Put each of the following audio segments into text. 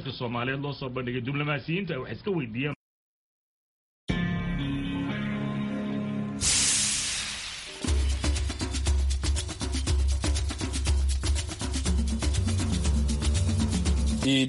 Soomaaliyeed loo soo bandhigay diblomaasiyiinta wax iska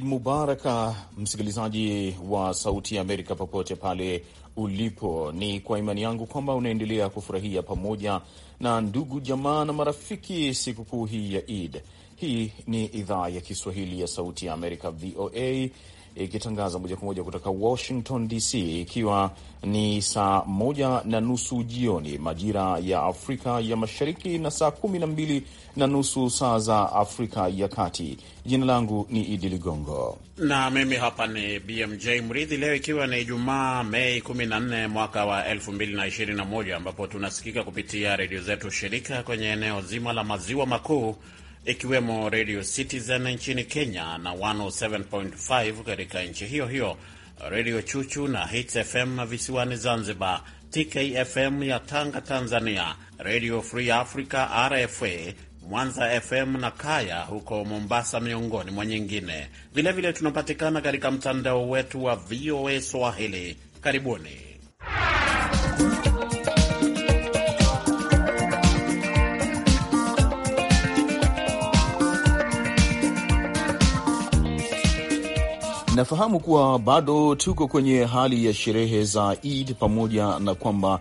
Mubaraka, msikilizaji wa Sauti ya Amerika popote pale ulipo, ni kwa imani yangu kwamba unaendelea kufurahia pamoja na ndugu, jamaa na marafiki sikukuu hii ya id hii ni idhaa ya Kiswahili ya Sauti ya Amerika, VOA, ikitangaza moja kwa moja kutoka Washington DC, ikiwa ni saa moja na nusu jioni majira ya Afrika ya Mashariki na saa kumi na mbili na nusu saa za Afrika ya Kati. Jina langu ni Idi Ligongo na mimi hapa ni BMJ Mridhi. Leo ikiwa ni Ijumaa, Mei 14 mwaka wa 2021, ambapo tunasikika kupitia redio zetu shirika kwenye eneo zima la maziwa makuu ikiwemo Radio Citizen nchini Kenya na 107.5 katika nchi hiyo hiyo, Radio Chuchu na Hits FM visiwani Zanzibar, TKFM ya Tanga Tanzania, Radio Free Africa RFA, Mwanza FM na Kaya huko Mombasa, miongoni mwa nyingine. Vilevile tunapatikana katika mtandao wetu wa VOA Swahili. Karibuni. Nafahamu kuwa bado tuko kwenye hali ya sherehe za Eid pamoja na kwamba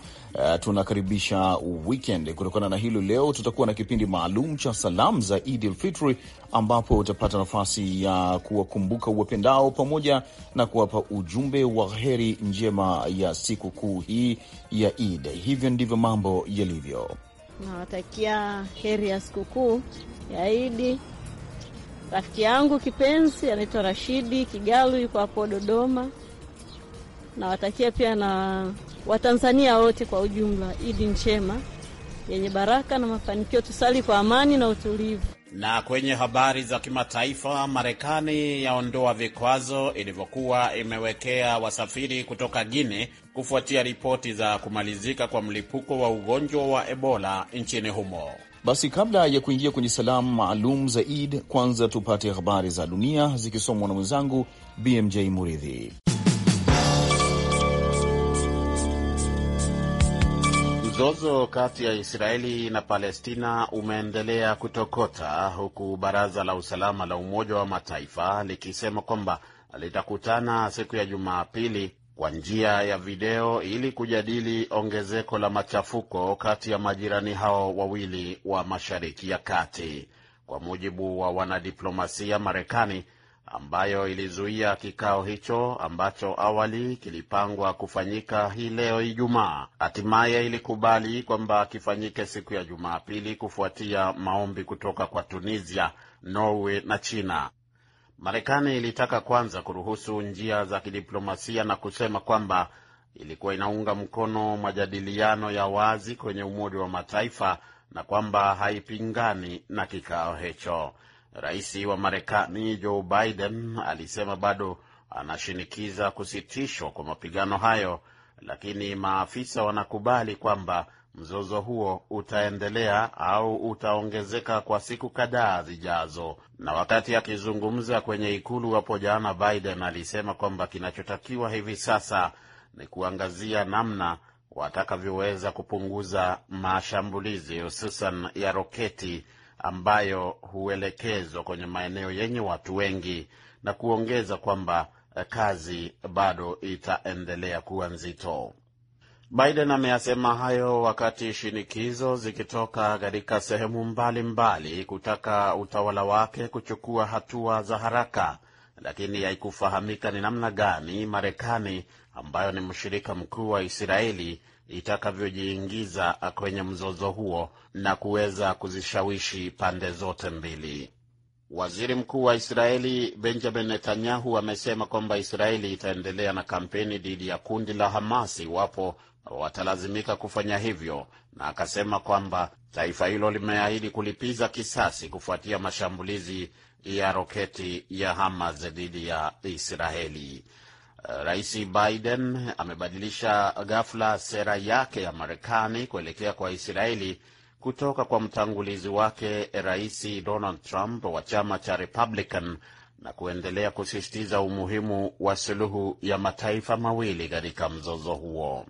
Uh, tunakaribisha weekend. Kutokana na hilo, leo tutakuwa na kipindi maalum cha salamu za Idil Fitri, ambapo utapata nafasi ya kuwakumbuka uwapendao pamoja na kuwapa ujumbe wa heri njema ya siku kuu hii ya Eid. Hivyo ndivyo mambo yalivyo. Nawatakia heri ya sikukuu ya Idi Rafiki yangu kipenzi anaitwa Rashidi Kigalu, yuko hapo Dodoma. Nawatakia pia na Watanzania wote kwa ujumla Idi njema yenye baraka na mafanikio, tusali kwa amani na utulivu. Na kwenye habari za kimataifa, Marekani yaondoa vikwazo ilivyokuwa imewekea wasafiri kutoka guine kufuatia ripoti za kumalizika kwa mlipuko wa ugonjwa wa Ebola nchini humo. Basi kabla ya kuingia kwenye salamu maalum za Eid, kwanza tupate habari za dunia zikisomwa na mwenzangu BMJ Muridhi. Mzozo kati ya Israeli na Palestina umeendelea kutokota huku Baraza la Usalama la Umoja wa Mataifa likisema kwamba litakutana siku ya Jumapili kwa njia ya video ili kujadili ongezeko la machafuko kati ya majirani hao wawili wa Mashariki ya Kati. Kwa mujibu wa wanadiplomasia, Marekani ambayo ilizuia kikao hicho ambacho awali kilipangwa kufanyika hii leo Ijumaa, hatimaye ilikubali kwamba kifanyike siku ya Jumapili kufuatia maombi kutoka kwa Tunisia, Norway na China. Marekani ilitaka kwanza kuruhusu njia za kidiplomasia na kusema kwamba ilikuwa inaunga mkono majadiliano ya wazi kwenye Umoja wa Mataifa na kwamba haipingani na kikao hicho. Rais wa Marekani Joe Biden alisema bado anashinikiza kusitishwa kwa mapigano hayo, lakini maafisa wanakubali kwamba Mzozo huo utaendelea au utaongezeka kwa siku kadhaa zijazo. Na wakati akizungumza kwenye ikulu hapo jana, Biden alisema kwamba kinachotakiwa hivi sasa ni kuangazia namna watakavyoweza kupunguza mashambulizi hususan ya roketi ambayo huelekezwa kwenye maeneo yenye watu wengi, na kuongeza kwamba eh, kazi bado itaendelea kuwa nzito. Biden ameyasema hayo wakati shinikizo zikitoka katika sehemu mbalimbali mbali kutaka utawala wake kuchukua hatua za haraka, lakini haikufahamika ni namna gani Marekani ambayo ni mshirika mkuu wa Israeli itakavyojiingiza kwenye mzozo huo na kuweza kuzishawishi pande zote mbili. Waziri Mkuu wa Israeli Benjamin Netanyahu amesema kwamba Israeli itaendelea na kampeni dhidi ya kundi la Hamasi iwapo watalazimika kufanya hivyo, na akasema kwamba taifa hilo limeahidi kulipiza kisasi kufuatia mashambulizi ya roketi ya Hamas dhidi ya Israeli. Eh, Rais Biden amebadilisha ghafla sera yake ya Marekani kuelekea kwa Israeli kutoka kwa mtangulizi wake Rais Donald Trump wa chama cha Republican na kuendelea kusisitiza umuhimu wa suluhu ya mataifa mawili katika mzozo huo.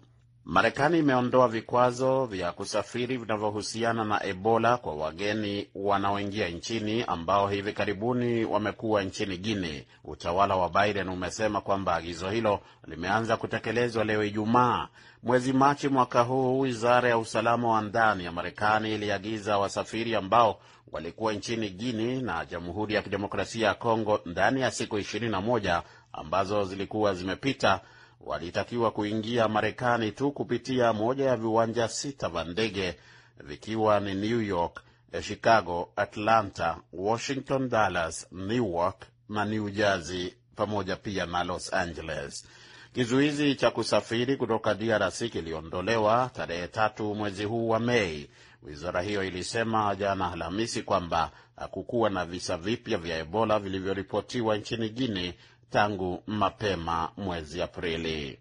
Marekani imeondoa vikwazo vya kusafiri vinavyohusiana na Ebola kwa wageni wanaoingia nchini ambao hivi karibuni wamekuwa nchini Guinea. Utawala wa Biden umesema kwamba agizo hilo limeanza kutekelezwa leo Ijumaa. Mwezi Machi mwaka huu, wizara ya usalama wa ndani ya Marekani iliagiza wasafiri ambao walikuwa nchini Guinea na Jamhuri ya Kidemokrasia ya Kongo ndani ya siku 21 ambazo zilikuwa zimepita walitakiwa kuingia Marekani tu kupitia moja ya viwanja sita vya ndege vikiwa ni New York, Chicago, Atlanta, Washington, Dallas, Newark na New Jersey pamoja pia na Los Angeles. Kizuizi cha kusafiri kutoka DRC kiliondolewa tarehe tatu mwezi huu wa Mei. Wizara hiyo ilisema jana Alhamisi kwamba hakukuwa na visa vipya vya Ebola vilivyoripotiwa nchini Guinea tangu mapema mwezi Aprili.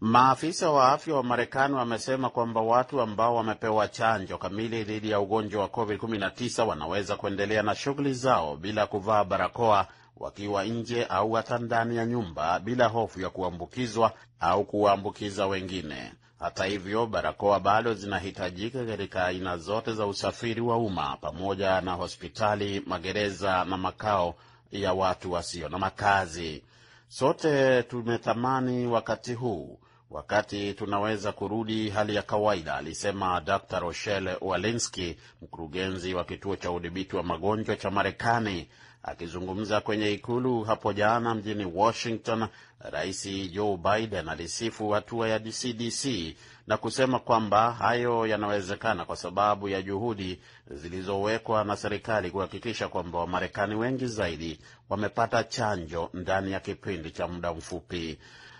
Maafisa wa afya wa Marekani wamesema kwamba watu ambao wamepewa chanjo kamili dhidi ya ugonjwa wa COVID-19 wanaweza kuendelea na shughuli zao bila kuvaa barakoa wakiwa nje au hata ndani ya nyumba bila hofu ya kuambukizwa au kuwaambukiza wengine. Hata hivyo, barakoa bado zinahitajika katika aina zote za usafiri wa umma pamoja na hospitali, magereza na makao ya watu wasio na makazi. Sote tumetamani wakati huu, wakati tunaweza kurudi hali ya kawaida, alisema Dr Rochelle Walensky, mkurugenzi wa kituo cha udhibiti wa magonjwa cha Marekani, akizungumza kwenye ikulu hapo jana mjini Washington. Rais Joe Biden alisifu hatua ya CDC na kusema kwamba hayo yanawezekana kwa sababu ya juhudi zilizowekwa na serikali kuhakikisha kwamba Wamarekani wengi zaidi wamepata chanjo ndani ya kipindi cha muda mfupi.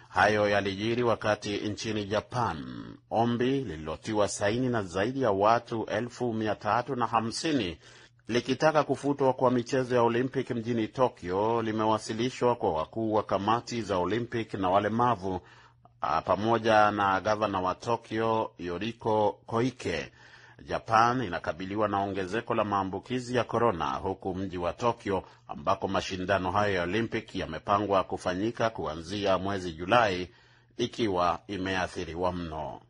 Hayo yalijiri wakati nchini Japan ombi lililotiwa saini na zaidi ya watu elfu mia tatu na hamsini likitaka kufutwa kwa michezo ya olimpic mjini Tokyo limewasilishwa kwa wakuu wa kamati za olimpic na walemavu Ah, pamoja na gavana wa Tokyo Yoriko Koike. Japan inakabiliwa na ongezeko la maambukizi ya korona, huku mji wa Tokyo ambako mashindano hayo ya Olympic yamepangwa kufanyika kuanzia mwezi Julai ikiwa imeathiriwa mno.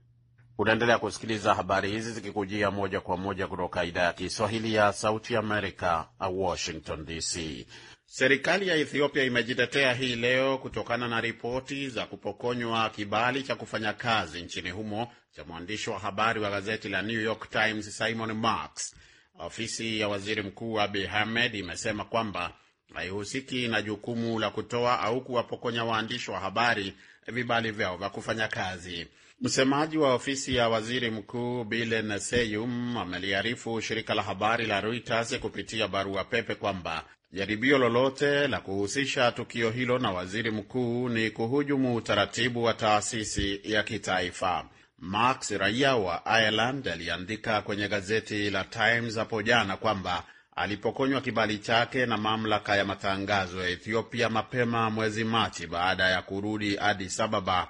Unaendelea kusikiliza habari hizi zikikujia moja kwa moja kutoka idhaa ya Kiswahili ya Sauti Amerika, Washington DC. Serikali ya Ethiopia imejitetea hii leo kutokana na ripoti za kupokonywa kibali cha kufanya kazi nchini humo cha mwandishi wa habari wa gazeti la New York Times Simon Marks. Ofisi ya waziri mkuu Abiy Ahmed imesema kwamba haihusiki na jukumu la kutoa au kuwapokonya waandishi wa habari vibali vyao vya kufanya kazi. Msemaji wa ofisi ya waziri mkuu Bilen Seyum ameliarifu shirika la habari la Reuters kupitia barua pepe kwamba Jaribio lolote la kuhusisha tukio hilo na waziri mkuu ni kuhujumu utaratibu wa taasisi ya kitaifa. max raia wa Ireland, aliandika kwenye gazeti la Times hapo jana kwamba alipokonywa kibali chake na mamlaka ya matangazo ya Ethiopia mapema mwezi Machi baada ya kurudi Addis Ababa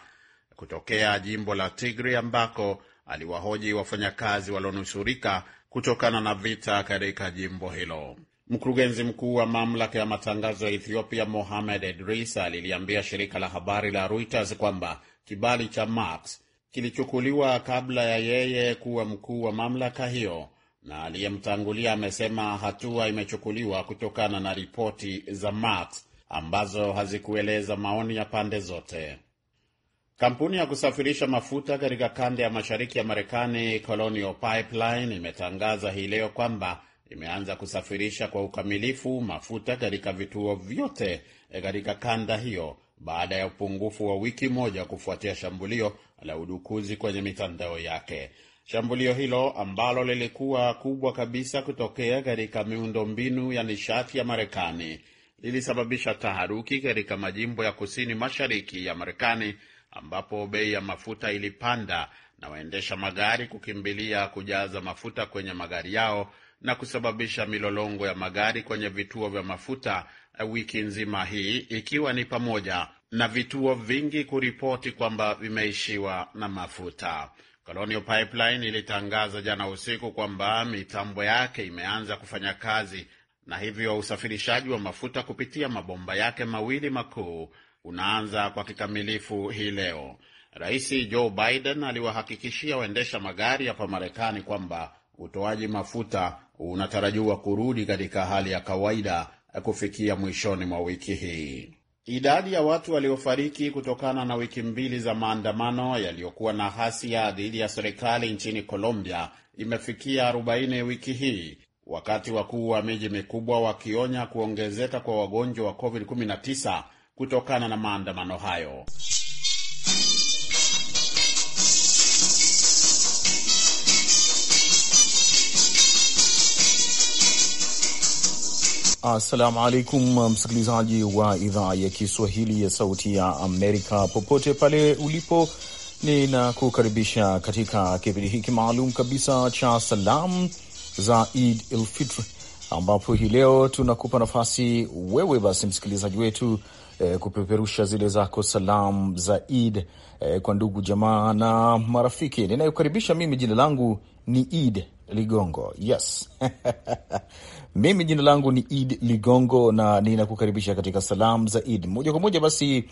kutokea jimbo la Tigray ambako aliwahoji wafanyakazi walionusurika kutokana na vita katika jimbo hilo. Mkurugenzi mkuu wa mamlaka ya matangazo ya Ethiopia, Mohamed Edris, aliliambia shirika la habari la Reuters kwamba kibali cha max kilichukuliwa kabla ya yeye kuwa mkuu wa mamlaka hiyo, na aliyemtangulia amesema hatua imechukuliwa kutokana na ripoti za max ambazo hazikueleza maoni ya pande zote. Kampuni ya kusafirisha mafuta katika kanda ya mashariki ya Marekani, Colonial Pipeline, imetangaza hii leo kwamba imeanza kusafirisha kwa ukamilifu mafuta katika vituo vyote e, katika kanda hiyo baada ya upungufu wa wiki moja kufuatia shambulio la udukuzi kwenye mitandao yake. Shambulio hilo ambalo lilikuwa kubwa kabisa kutokea katika miundombinu ya nishati ya Marekani lilisababisha taharuki katika majimbo ya kusini mashariki ya Marekani ambapo bei ya mafuta ilipanda na waendesha magari kukimbilia kujaza mafuta kwenye magari yao na kusababisha milolongo ya magari kwenye vituo vya mafuta eh, wiki nzima hii, ikiwa ni pamoja na vituo vingi kuripoti kwamba vimeishiwa na mafuta. Colonial Pipeline ilitangaza jana usiku kwamba mitambo yake imeanza kufanya kazi na hivyo usafirishaji wa mafuta kupitia mabomba yake mawili makuu unaanza kwa kikamilifu hii leo. Rais Joe Biden aliwahakikishia waendesha magari hapa Marekani kwamba utoaji mafuta unatarajiwa kurudi katika hali ya kawaida kufikia mwishoni mwa wiki hii. Idadi ya watu waliofariki kutokana na wiki mbili za maandamano yaliyokuwa na ghasia dhidi ya serikali nchini Colombia imefikia 40 wiki hii, wakati wakuu wa miji mikubwa wakionya kuongezeka kwa wagonjwa wa COVID-19 kutokana na maandamano hayo. Assalamu alaikum, msikilizaji wa idhaa ya Kiswahili ya Sauti ya Amerika, popote pale ulipo, ninakukaribisha katika kipindi hiki maalum kabisa cha salam za Eid el-Fitr, ambapo hii leo tunakupa nafasi wewe basi msikilizaji wetu E, kupeperusha zile zako salam za Eid e, kwa ndugu jamaa na marafiki. Ninayokaribisha mimi, jina langu ni Eid Ligongo. Yes Mimi jina langu ni Id Ligongo na ninakukaribisha katika salamu za Id moja kwa moja. Basi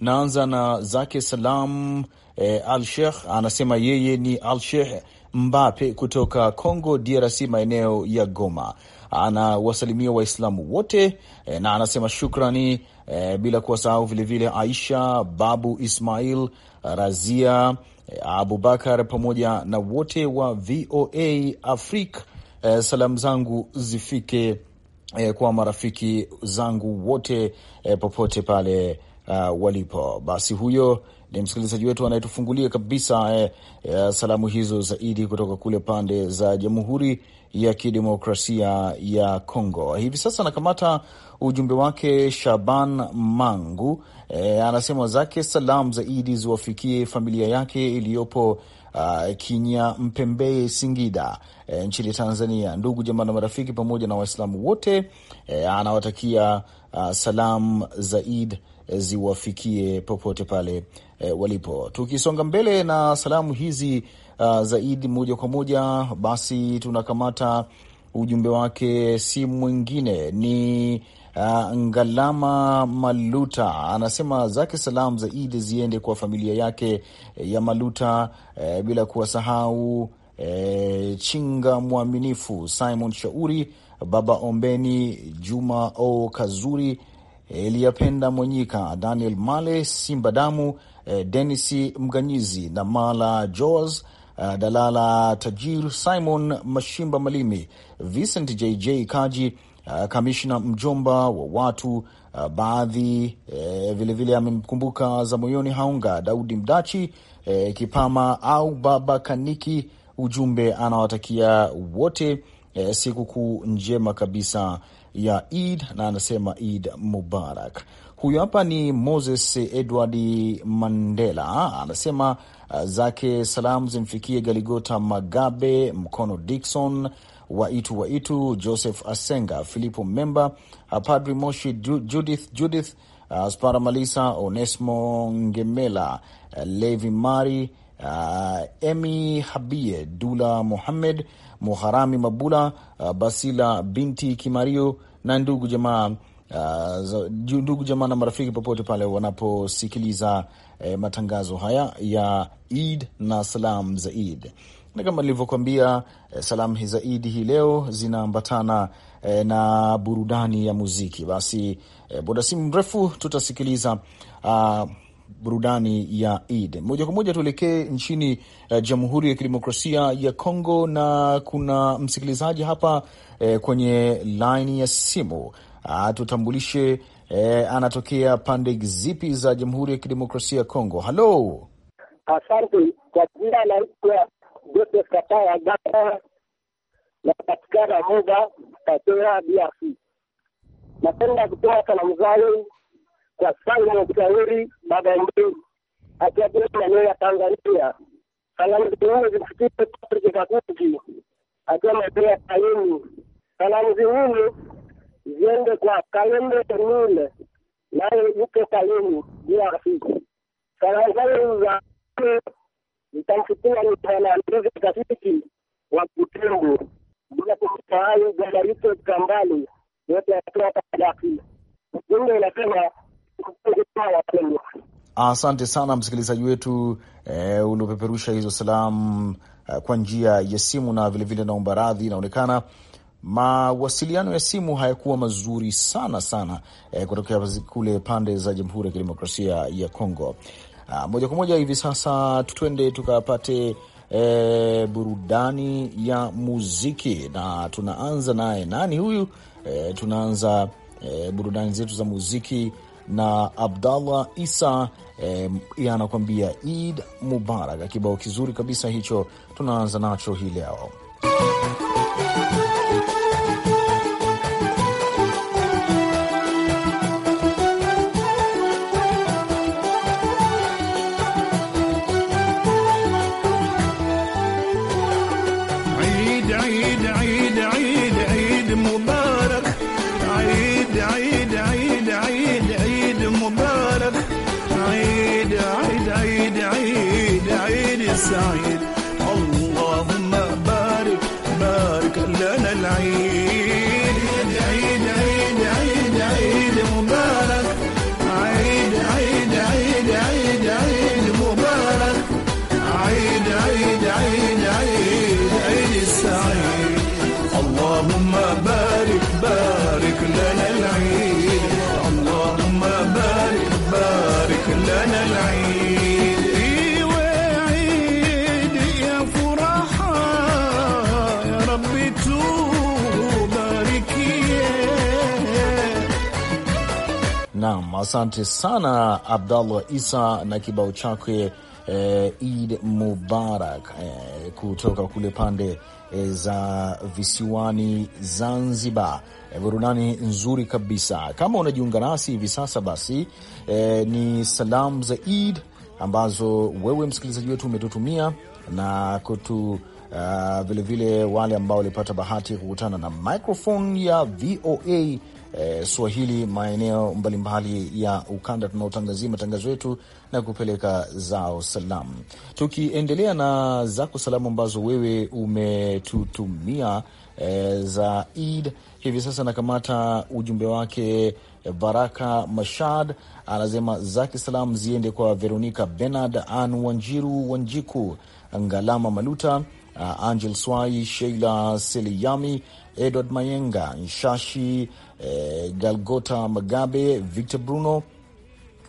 naanza na zake salam. E, Al Sheikh anasema yeye ni Al Sheikh Mbape kutoka Congo DRC, maeneo ya Goma. Anawasalimia Waislamu wote e, na anasema shukrani e, bila kuwasahau vilevile Aisha, Babu Ismail, Razia, e, Abubakar pamoja na wote wa VOA Afrika eh, salamu zangu zifike eh, kwa marafiki zangu wote eh, popote pale uh, walipo. Basi huyo ni msikilizaji wetu anayetufungulia kabisa eh, eh, salamu hizo zaidi kutoka kule pande za Jamhuri ya Kidemokrasia ya Kongo. Hivi sasa anakamata ujumbe wake Shaban Mangu eh, anasema zake salamu zaidi ziwafikie familia yake iliyopo uh, Kinya Mpembeye, Singida e, nchini Tanzania. Ndugu jamaa na marafiki pamoja na Waislamu wote e, anawatakia uh, salam za Eid eh, ziwafikie popote pale e, walipo. Tukisonga mbele na salamu hizi uh, ah, za Eid moja kwa moja, basi tunakamata ujumbe wake, si mwingine ni Uh, Ngalama Maluta anasema zake salamu za Idi ziende kwa familia yake eh, ya Maluta, eh, bila kuwasahau eh, Chinga Mwaminifu, Simon Shauri, Baba Ombeni, Juma O Kazuri, Eliyapenda Mwenyika, Daniel Male, Simba Damu, eh, Denis Mganyizi na Mala Joas ah, Dalala Tajir, Simon Mashimba Malimi, Vincent JJ Kaji Ah, kamishna mjomba wa watu uh, baadhi vilevile, eh, vile amemkumbuka za moyoni Haunga Daudi Mdachi eh, Kipama au Baba Kaniki. Ujumbe anawatakia wote uh, sikukuu njema kabisa ya Eid na anasema Eid Mubarak. Huyu hapa ni Moses Edward Mandela, anasema ah, zake salamu zimfikie Galigota Magabe, Mkono Dikson, Waitu Waitu, Joseph Asenga, Filipo Memba, uh, Padri Moshi, Judith Judith uh, spara Malisa, Onesmo Ngemela, uh, Levi Mari, Uh, Emi Habie, Dula muhammed Muharami Mabula, uh, Basila binti Kimario na ndugu jamaa uh, ndugu jamaa na marafiki popote pale wanaposikiliza eh, matangazo haya ya Eid na salam za Eid na kama nilivyokuambia, eh, salamu zaidi hii leo zinaambatana eh, na burudani ya muziki. Basi eh, boda simu mrefu tutasikiliza uh, burudani ya Eid. Moja kwa moja tuelekee nchini eh, Jamhuri ya Kidemokrasia ya Kongo, na kuna msikilizaji hapa eh, kwenye laini ya simu ah, tutambulishe eh, anatokea pande zipi za Jamhuri ya Kidemokrasia ya Kongo. Halo, asante kwa jina Joseph Kapaya Gata napatikana Moba Katea DRC. Napenda kutoa salamu zangu kwa Simon Mshauri Magambeni akiatia maeneo ya Tanzania. Salamu zingine zimfikie Patrick Kakuji akiwa maeneo ya Kayuni. Salamu zingine ziende kwa Kalende Mule naye yuko Kayuni DRC. Salamu zangu za wa bwana Kambale yote kadaki ujumbe Asante sana msikilizaji wetu eh, uliopeperusha hizo salamu eh, kwa njia ya simu na vilevile, naomba radhi, inaonekana mawasiliano ya simu hayakuwa mazuri sana sana eh, kutokea kule pande za Jamhuri ya Kidemokrasia ya Kongo na moja kwa moja hivi sasa tutwende tukapate e, burudani ya muziki, na tunaanza naye nani huyu? E, tunaanza e, burudani zetu za muziki na Abdallah Isa e, anakuambia Eid Mubarak, kibao kizuri kabisa hicho, tunaanza nacho hii leo. Asante sana Abdallah Isa na kibao chake eh, Id Mubarak eh, kutoka kule pande eh, za visiwani Zanzibar. Eh, burudani nzuri kabisa. Kama unajiunga nasi hivi sasa, basi eh, ni salamu za Id ambazo wewe msikilizaji wetu umetutumia na kutu vilevile uh, ah, vilevile wale ambao walipata bahati ya kukutana na microphone ya VOA eh, Swahili maeneo mbalimbali ya ukanda tunaotangazia matangazo yetu na kupeleka zao salamu. Tukiendelea na zako salamu ambazo wewe umetutumia eh, za Eid hivi sasa, nakamata ujumbe wake eh, Baraka Mashad anasema zake salamu ziende kwa Veronika Benard, An Wanjiru, Wanjiku, Ngalama Maluta, uh, Angel Swai, Sheila Seliyami Edward Mayenga, Nshashi eh, Galgota Magabe, Victor Bruno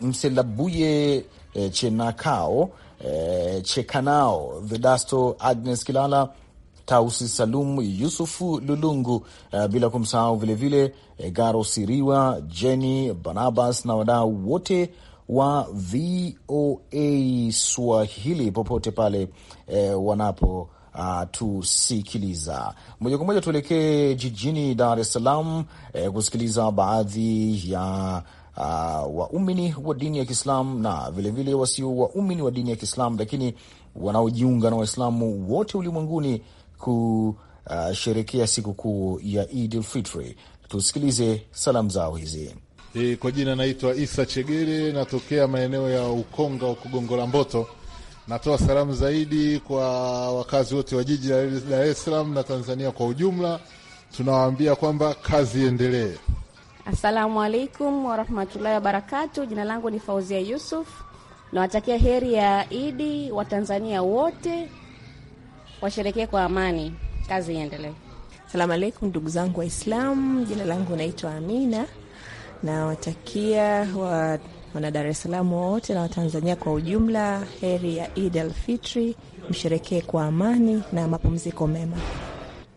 Mselabuye eh, Chenakao eh, Chekanao, Vedasto Agnes Kilala, Tausi Salum, Yusufu Lulungu, eh, bila kumsahau vilevile eh, Garo Siriwa, Jenny Barnabas na wadau wote wa VOA Swahili popote pale eh, wanapo uh, tusikiliza moja kwa moja. Tuelekee jijini Dar es Salaam eh, kusikiliza baadhi ya uh, waumini wa dini ya Kiislamu na vilevile wasio waumini wa dini ya Kiislamu, lakini wanaojiunga na Waislamu wote ulimwenguni kusherekea ah, sikukuu ya Idul Fitri. Tusikilize salamu zao hizi. E, kwa jina naitwa Isa Chegere, natokea maeneo ya Ukonga huko Gongo la Mboto. Natoa salamu zaidi kwa wakazi wote wa jiji la Dar es Salaam na Tanzania kwa ujumla. Tunawaambia kwamba kazi iendelee. Assalamu alaikum warahmatullahi wabarakatu. Jina langu ni Fauzia Yusuf. Nawatakia heri ya Idi Watanzania wote, washerekee kwa amani. Kazi iendelee. Salamu alaikum ndugu zangu Waislamu, jina langu naitwa Amina. Nawatakia wa wana Dar es Salaam wote na Watanzania kwa ujumla, heri ya Eid al-Fitri, msherekee kwa amani na mapumziko mema.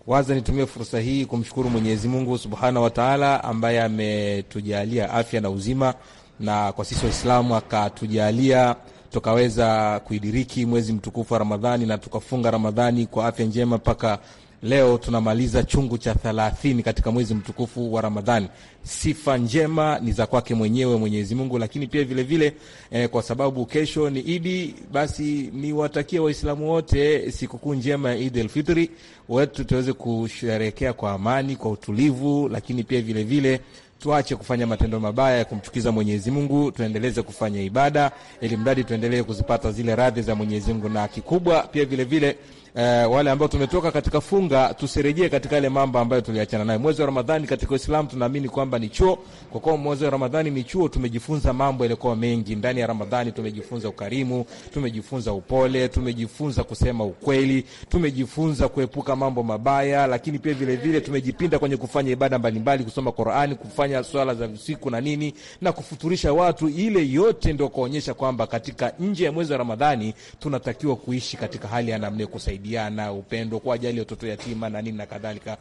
Waza nitumie fursa hii kumshukuru Mwenyezi Mungu subhanahu wa taala ambaye ametujalia afya na uzima, na kwa sisi Waislamu akatujalia tukaweza kuidiriki mwezi mtukufu wa Ramadhani na tukafunga Ramadhani kwa afya njema mpaka Leo tunamaliza chungu cha thelathini katika mwezi mtukufu wa Ramadhani. Sifa njema ni za kwake mwenyewe Mwenyezi Mungu, lakini pia vilevile vile, eh, kwa sababu kesho ni Idi, basi niwatakie Waislamu wote sikukuu njema ya Idi Elfitri wetu tuweze kusherekea kwa amani, kwa utulivu, lakini pia vilevile vile, tuache kufanya matendo mabaya ya kumchukiza Mwenyezi Mungu, tuendeleze kufanya ibada ili mradi tuendelee kuzipata zile radhi za Mwenyezi Mungu, na kikubwa pia vilevile vile, eh, wale ambao tumetoka katika funga tusirejee katika yale mambo ambayo tuliachana nayo. Mwezi wa Ramadhani katika Uislamu tunaamini kwamba ni chuo. Kwa kuwa mwezi wa Ramadhani ni chuo, tumejifunza mambo yaliyokuwa mengi ndani ya Ramadhani. Tumejifunza ukarimu, tumejifunza upole, tumejifunza kusema ukweli, tumejifunza kuepuka mambo mabaya, lakini pia vile vile tumejipinda kwenye kufanya ibada mbalimbali, kusoma Qur'ani, kufanya swala za usiku na nini na kufuturisha watu. Ile yote ndio kuonyesha kwamba katika nje ya mwezi wa Ramadhani tunatakiwa kuishi katika hali ya namna kusaidia kusaidiana, upendo, kuwajali watoto yatima na nini na kadhalika.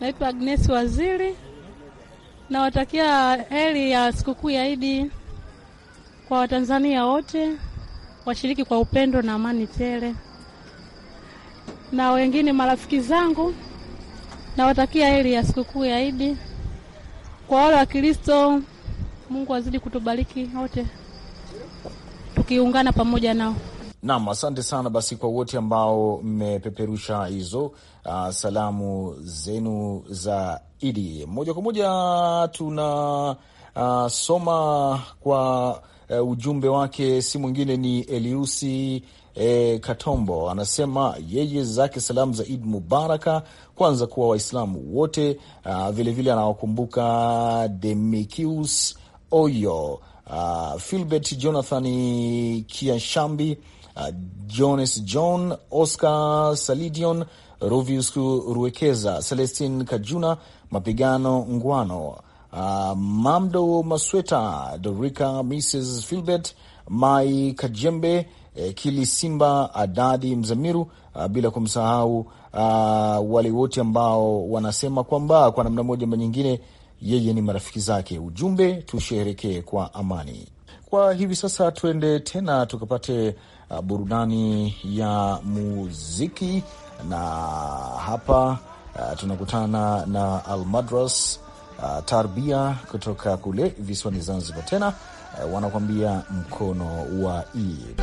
Naitwa Agnes Waziri, nawatakia heri ya sikukuu ya Idi kwa Watanzania wote, washiriki kwa upendo na amani tele. Na wengine marafiki zangu nawatakia heri ya sikukuu ya Idi. Kwa wale wa Kristo, Mungu azidi kutubariki wote tukiungana pamoja nao nam asante sana basi kwa wote ambao mmepeperusha hizo uh, salamu zenu za Idi. Moja kwa moja tuna uh, soma kwa uh, ujumbe wake, si mwingine ni Eliusi E, Katombo anasema yeye zake salamu za Idi Mubaraka kwanza kuwa Waislamu wote, vilevile ah, anawakumbuka Demikius Oyo, Filbert Jonathan Kiashambi Uh, Jones John, Oscar Salidion, Rovius Ruekeza, Celestin Kajuna, Mapigano Ngwano, uh, Mamdo Masweta, Dorika Mrs Filbert, Mai Kajembe, eh, simba Adadi Mzamiru, uh, bila kumsahau uh, wale wote ambao wanasema kwamba kwa namna moja ama nyingine yeye ni marafiki zake. Ujumbe, tusheherekee kwa amani. Kwa hivi sasa, tuende tena tukapate uh, burudani ya muziki, na hapa uh, tunakutana na Almadras uh, Tarbia kutoka kule visiwani Zanzibar, tena uh, wanakuambia mkono wa Eid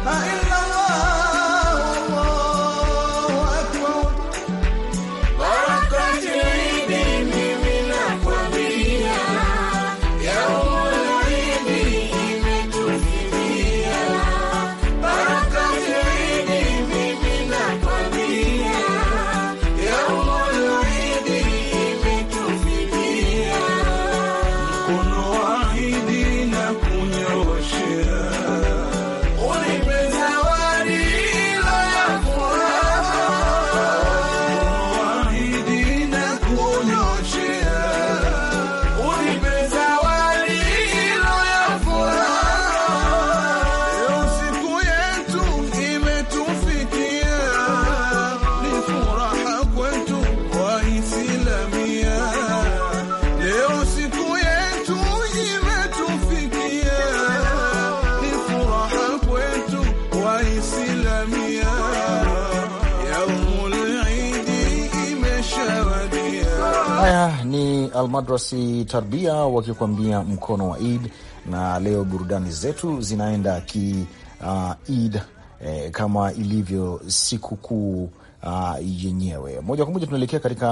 Almadrasi Tarbia wakikuambia mkono wa Eid, na leo burudani zetu zinaenda ki uh, Eid eh, kama ilivyo sikukuu uh, yenyewe. Moja kwa moja tunaelekea katika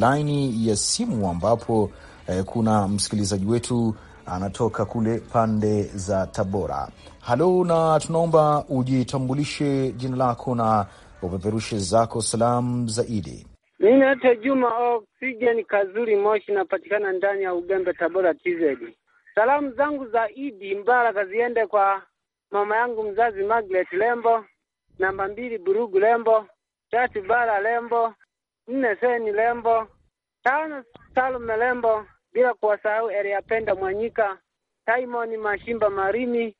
laini ya simu ambapo eh, kuna msikilizaji wetu anatoka kule pande za Tabora. Halo, na tunaomba ujitambulishe jina lako na upeperushe zako salamu zaidi. Mimi naitwa Juma Oxygen oh, Kazuri Moshi, napatikana ndani ya Ugembe, Tabora TZ. Salamu zangu za Idi Mbaraka ziende kwa mama yangu mzazi Margaret Lembo, namba mbili Burugu Lembo, tatu Bara Lembo, nne Seni Lembo, tano Salome Lembo, bila kuwasahau Penda Mwanyika, Simon Mashimba Marimi,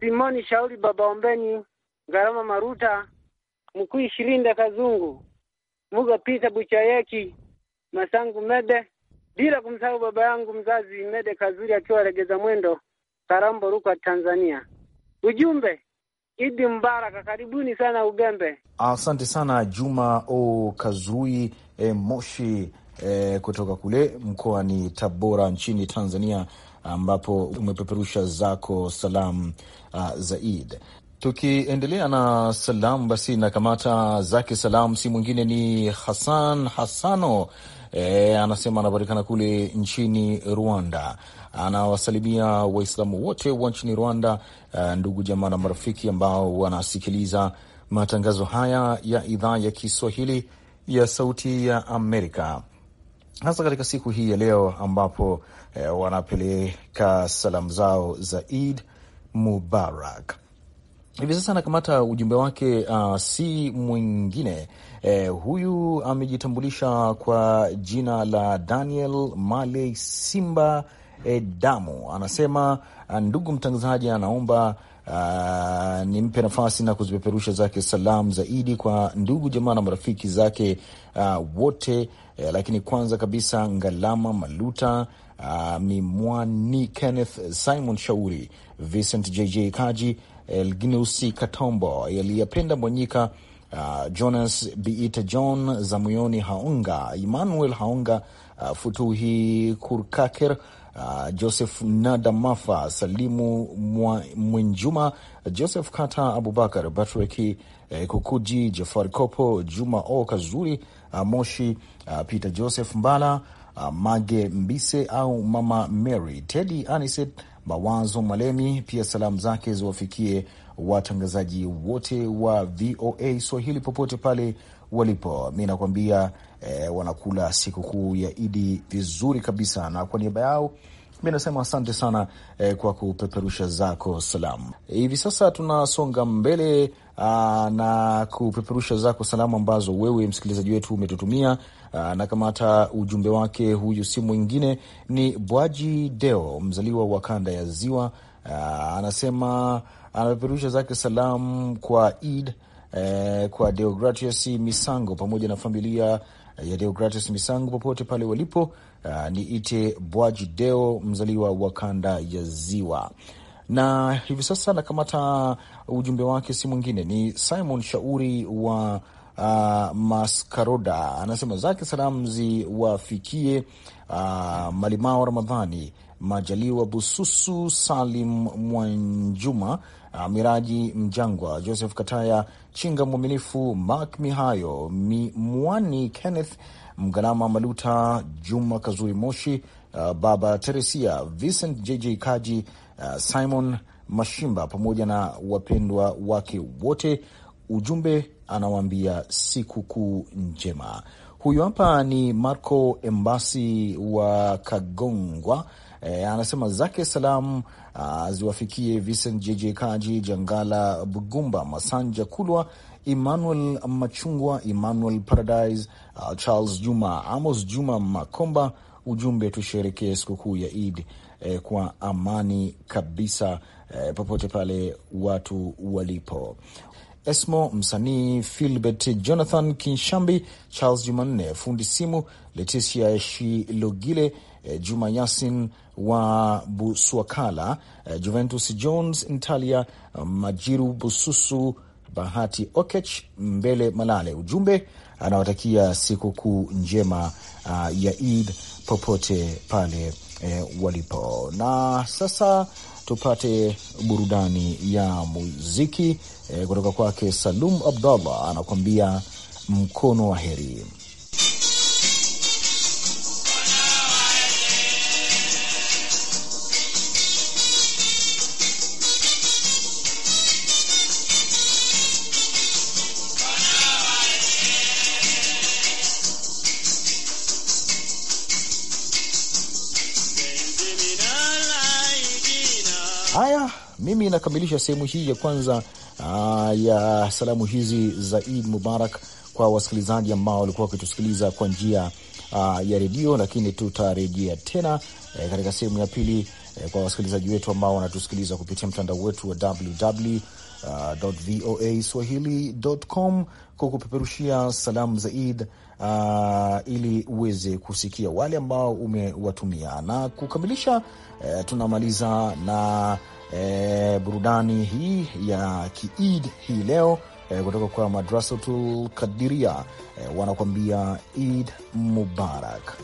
Simoni Shauri, Baba Ombeni, Garama Maruta, Mkuu Shirinde Kazungu Muga Pita Buchayeki Masangu Mede, bila kumsahau baba yangu mzazi Mede Kazuri akiwa Regeza Mwendo, Karambo, Rukwa, Tanzania. Ujumbe Idi Mbaraka, karibuni sana Ugembe. Asante sana Juma O Kazui e, Moshi e, kutoka kule mkoani Tabora nchini Tanzania ambapo umepeperusha zako salamu uh, Zaid. Tukiendelea na salamu basi, na kamata zake salamu si mwingine ni Hasan Hasano. E, anasema anapatikana kule nchini Rwanda, anawasalimia Waislamu wote wa nchini Rwanda, e, ndugu jamaa na marafiki ambao wanasikiliza matangazo haya ya idhaa ya Kiswahili ya Sauti ya Amerika, hasa katika siku hii ya leo ambapo e, wanapeleka salamu zao za Eid Mubarak hivi sasa anakamata ujumbe wake. Uh, si mwingine eh, huyu amejitambulisha kwa jina la Daniel Male Simba Edamu. Eh, Anasema ah, ndugu mtangazaji, anaomba Uh, nimpe nafasi na kuzipeperusha zake salamu zaidi kwa ndugu jamaa na marafiki zake uh, wote eh, lakini kwanza kabisa Ngalama Maluta uh, Mimwani Kenneth Simon Shauri Vincent JJ Kaji Elginus Katombo, Yaliyapenda mwanyika uh, Jonas Biita, John Zamuyoni Haonga, Emmanuel Haonga, uh, Futuhi Kurkaker, Uh, Joseph Nadamafa, Salimu Mwenjuma, Joseph Kata, Abubakar Batreki, eh, uh, Kukuji Jafar Kopo, Juma O Kazuri, uh, Moshi, uh, Peter Joseph Mbala, uh, Mage Mbise au Mama Mary Tedi Aniset Mawazo Malemi. Pia salamu zake ziwafikie watangazaji wote wa VOA Swahili popote pale walipo. Mi nakuambia eh, wanakula sikukuu ya Idi vizuri kabisa, na kwa niaba yao Mi nasema asante sana eh, kwa kupeperusha zako salamu. Hivi sasa tunasonga mbele aa, ah, na kupeperusha zako salamu ambazo wewe msikilizaji wetu umetutumia, ah, na kama hata ujumbe wake huyu si mwingine ni Bwaji Deo, mzaliwa wa kanda ya Ziwa. Aa, ah, anasema anapeperusha zake salamu kwa Eid eh, kwa Deogratius Misango pamoja na familia eh, ya Deogratius Misango popote pale walipo Uh, ni Ite Bwajideo mzaliwa wa kanda ya Ziwa, na hivi sasa nakamata ujumbe wake, si mwingine ni Simon Shauri wa Uh, ah, Maskaroda anasema zake salamu ziwafikie uh, Malimao Ramadhani Majaliwa Bususu Salim Mwanjuma uh, Miraji Mjangwa Joseph Kataya Chinga Mwaminifu Mark Mihayo Mimwani Kenneth Mgalama Maluta, Juma Kazuri Moshi, uh, Baba Teresia, Vincent JJ Kaji, uh, Simon Mashimba pamoja na wapendwa wake wote. Ujumbe anawaambia sikukuu njema. Huyu hapa ni Marco Embasi wa Kagongwa. E, anasema zake salamu uh, ziwafikie Vincent JJ Kaji, Jangala Bugumba, Masanja Kulwa, Emmanuel Machungwa, Emmanuel Paradise, uh, Charles Juma, Amos Juma Makomba. Ujumbe, tusherekee sikukuu ya Eid eh, kwa amani kabisa eh, popote pale watu walipo. Esmo msanii, Filbert Jonathan Kinshambi, Charles Jumanne fundi simu, Leticia Shilogile, eh, Juma Yasin wa Buswakala, eh, Juventus Jones, Ntalia Majiru Bususu Bahati Okech Mbele Malale. Ujumbe anawatakia sikukuu njema uh, ya id popote pale eh, walipo. Na sasa tupate burudani ya muziki eh, kutoka kwake Salum Abdallah anakuambia mkono wa heri. inakamilisha sehemu hii ya kwanza aa, ah, ya salamu hizi za Eid Mubarak kwa wasikilizaji ambao walikuwa wakitusikiliza kwa njia ah, ya redio, lakini tutarejea tena e, katika sehemu ya pili e, kwa wasikilizaji wetu ambao wanatusikiliza kupitia mtandao wetu wa www voa swahili.com kwa kupeperushia salamu za Eid uh, ili uweze kusikia wale ambao umewatumia na kukamilisha. Uh, tunamaliza na e, burudani hii ya kiid hii leo e, kutoka kwa Madrasatul Kadiria e, wanakuambia Id Mubarak.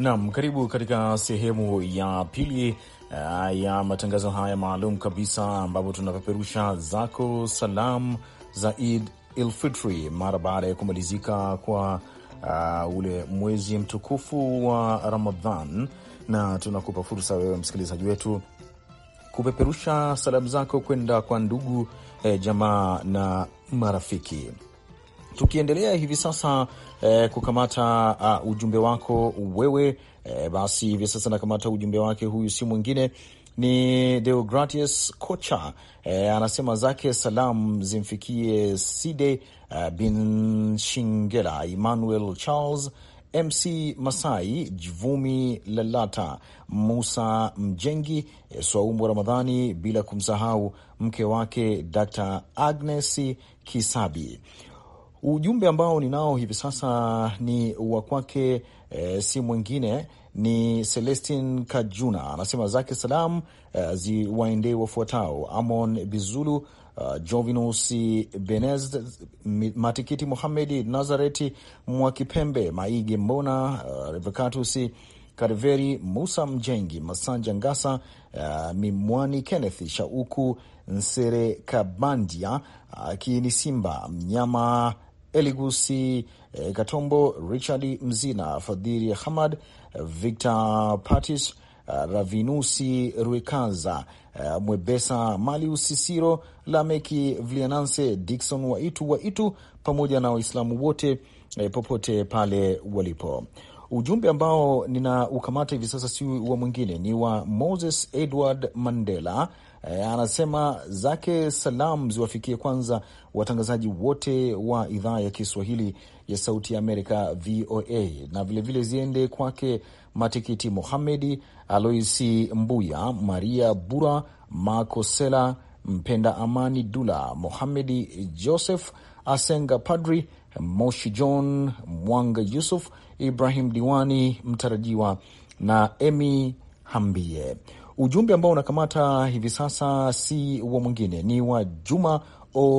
Naam, karibu katika sehemu ya pili uh, ya matangazo haya maalum kabisa ambapo tunapeperusha zako salam za Eid Ilfitri mara baada ya kumalizika kwa uh, ule mwezi mtukufu wa Ramadhan, na tunakupa fursa wewe msikilizaji wetu kupeperusha salamu zako kwenda kwa ndugu eh, jamaa na marafiki. Tukiendelea hivi sasa eh, kukamata uh, ujumbe wako wewe eh, basi hivi sasa nakamata ujumbe wake, huyu si mwingine ni Deogratius Kocha eh, anasema zake salam zimfikie Side uh, bin Shingela, Emmanuel Charles, MC Masai, Jvumi Lalata, Musa Mjengi, eh, Swaumu Ramadhani, bila kumsahau mke wake Dr Agnes Kisabi. Ujumbe ambao ninao hivi sasa ni wa kwake, e, si mwingine ni Celestin Kajuna. Anasema zake salamu e, ziwaendee wafuatao: Amon Bizulu, Uh, Jovinus Benez, Matikiti Muhamedi, Nazareti Mwakipembe, Maige Mbona, uh, Revocatus Karveri, Musa Mjengi, Masanja Ngasa, uh, Mimwani Kenneth, Shauku Nserekabandia, Akini uh, Simba Mnyama Eligusi e, Katombo, Richard Mzina, fadhiri Hamad, eh, Victor Patis, eh, Ravinusi Ruikanza, Mwebesa Malius Sisiro, Lameki vlianance Dikson Waitu Waitu pamoja na Waislamu wote e, popote pale walipo. Ujumbe ambao ninaukamata hivi sasa si wa mwingine, ni wa Moses Edward Mandela E, anasema zake salam ziwafikie kwanza watangazaji wote wa idhaa ya Kiswahili ya Sauti ya Amerika VOA, na vilevile ziende kwake Matikiti Muhamedi, Aloisi Mbuya, Maria Bura, sela Mpenda, Amani Dula, Mohamedi Joseph Asenga, Padri Moshi, John Mwanga, Yusuf Ibrahim Diwani mtarajiwa na Emi Hambie. Ujumbe ambao unakamata hivi sasa si wa mwingine, ni wa Juma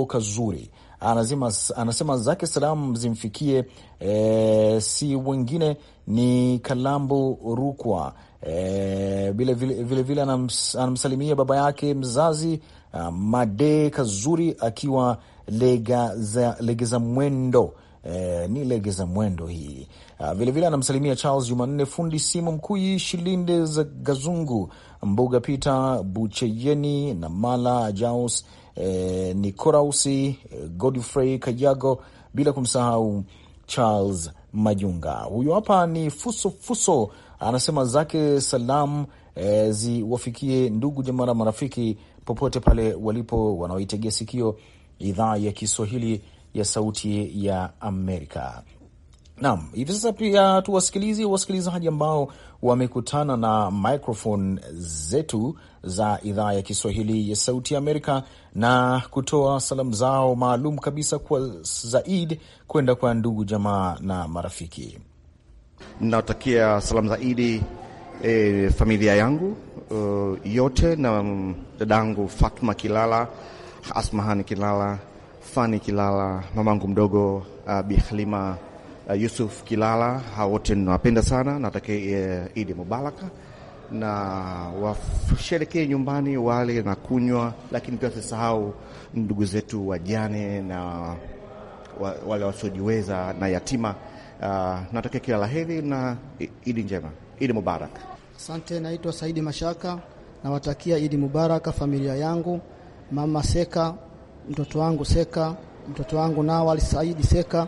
Kazuri. Anazima, anasema zake salamu zimfikie e, si wengine ni Kalambo Rukwa eh, e, vilevile vile vile anams, anamsalimia baba yake mzazi ah, Made Kazuri akiwa Legeza, Mwendo e, ni Legeza Mwendo hii vilevile, ah, anamsalimia Charles Jumanne fundi simu Mkuyi Shilinde za Gazungu Mbuga Peter Bucheyeni na Mala Jaus eh, Nikorausi eh, Godfrey kayago bila kumsahau Charles Majunga. Huyu hapa ni Fuso Fuso, anasema zake salamu eh, ziwafikie ndugu jamaa na marafiki popote pale walipo wanaoitegea sikio idhaa ya Kiswahili ya Sauti ya Amerika. Naam, hivi sasa pia tuwasikilize wasikilizaji ambao wamekutana na microphone zetu za idhaa ya Kiswahili ya Sauti ya Amerika na kutoa salamu zao maalum kabisa kwa zaid kwenda kwa ndugu jamaa na marafiki. Natakia salamu zaidi e, familia yangu uh, yote na dadangu Fatma Kilala, Asmahani Kilala, Fani Kilala, mamangu mdogo uh, e, Bihalima uh, Yusuf Kilala, hao wote ninawapenda sana, natakie uh, Idi Mubaraka na washerekee nyumbani, wale na kunywa, lakini pia wasisahau ndugu zetu wajane na wale wasiojiweza na yatima. Uh, nataka kila la heri na Idi njema, Idi Mubarak. Asante, naitwa Saidi Mashaka, nawatakia Idi Mubaraka familia yangu, mama Seka, mtoto wangu Seka, mtoto wangu Nawali Saidi Seka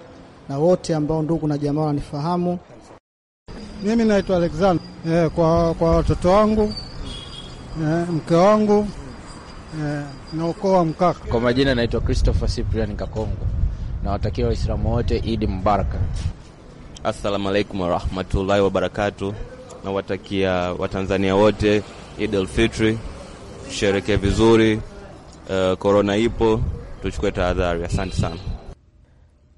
na wote ambao ndugu na jamaa wanifahamu. Mimi naitwa Alexander. E, kwa kwa watoto wangu e, mke wangu e, na ukoo wa Mkaka. Kwa majina naitwa Christopher Cyprian Kakongo. Nawatakia Waislamu wote Idi Mubaraka. Assalamu alaikum warahmatullahi wabarakatu. Nawatakia Watanzania wote Idi Alfitri, sherekee vizuri. Korona uh, ipo, tuchukue tahadhari. Asante sana.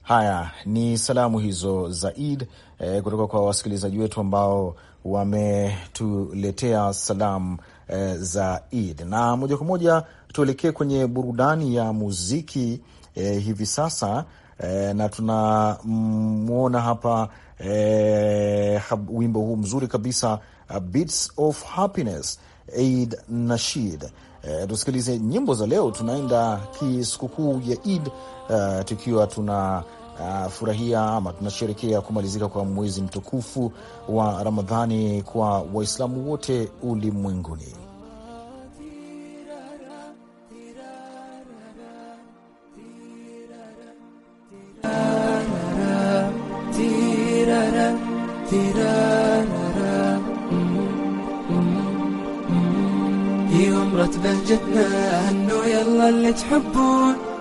Haya ni salamu hizo za Eid e, kutoka kwa wasikilizaji wetu ambao wametuletea salamu e, za Eid, na moja kwa moja tuelekee kwenye burudani ya muziki e, hivi sasa e, na tunamwona hapa eh, wimbo huu mzuri kabisa uh, Bits of Happiness Eid Nashid. E, tusikilize nyimbo za leo, tunaenda kisikukuu ya Eid uh, tukiwa tuna Uh, furahia ama tunasherekea kumalizika kwa mwezi mtukufu wa Ramadhani kwa Waislamu wote ulimwenguni.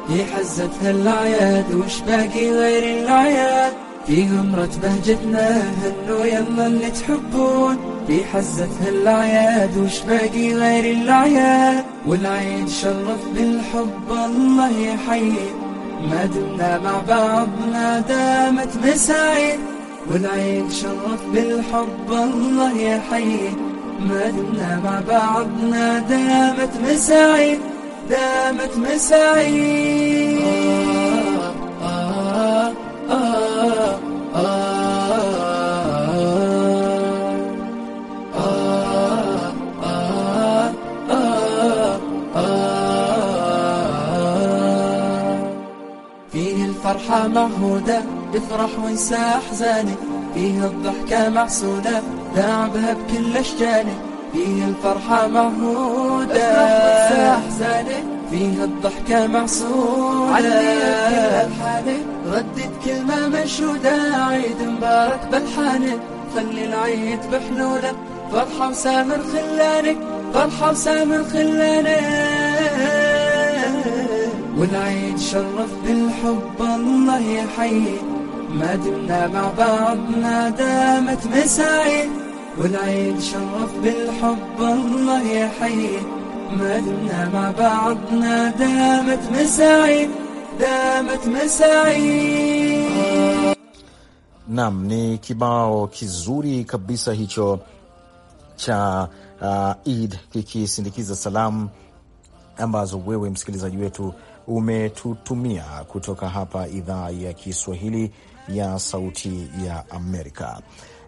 في حزتها العياد وش باقي غير العياد في غمرة بهجتنا هنوا يلا اللي تحبون في حزتها العياد وش باقي غير العياد والعين شرف بالحب الله يحيي ما دمنا مع بعضنا دامت مساعي والعين شرف بالحب الله يحيي ما دمنا مع بعضنا دامت مساعي دامت مساعي آه فيه الفرحة معهودة افرح وانسى أحزاني فيه الضحكة معسودة لعبها بكل أشجاني فيه الفرحة معهودة فيها الضحكة معصودة على الحالة ردت كلمة منشودة عيد مبارك بلحانه خلي العيد بحلوله فرحة وسامر خلانك فرحة وسامر خلانك والعيد شرف بالحب الله يحيي ما دمنا مع بعضنا دامت مساعي والعيد شرف بالحب الله يحيي مدنا مع بعضنا دامت مساعي دامت مساعي نعم ني kibao kizuri kabisa هيتشو cha uh, Eid kikisindikiza salamu ambazo wewe msikilizaji wetu umetutumia kutoka hapa idhaa ya Kiswahili ya Sauti ya Amerika.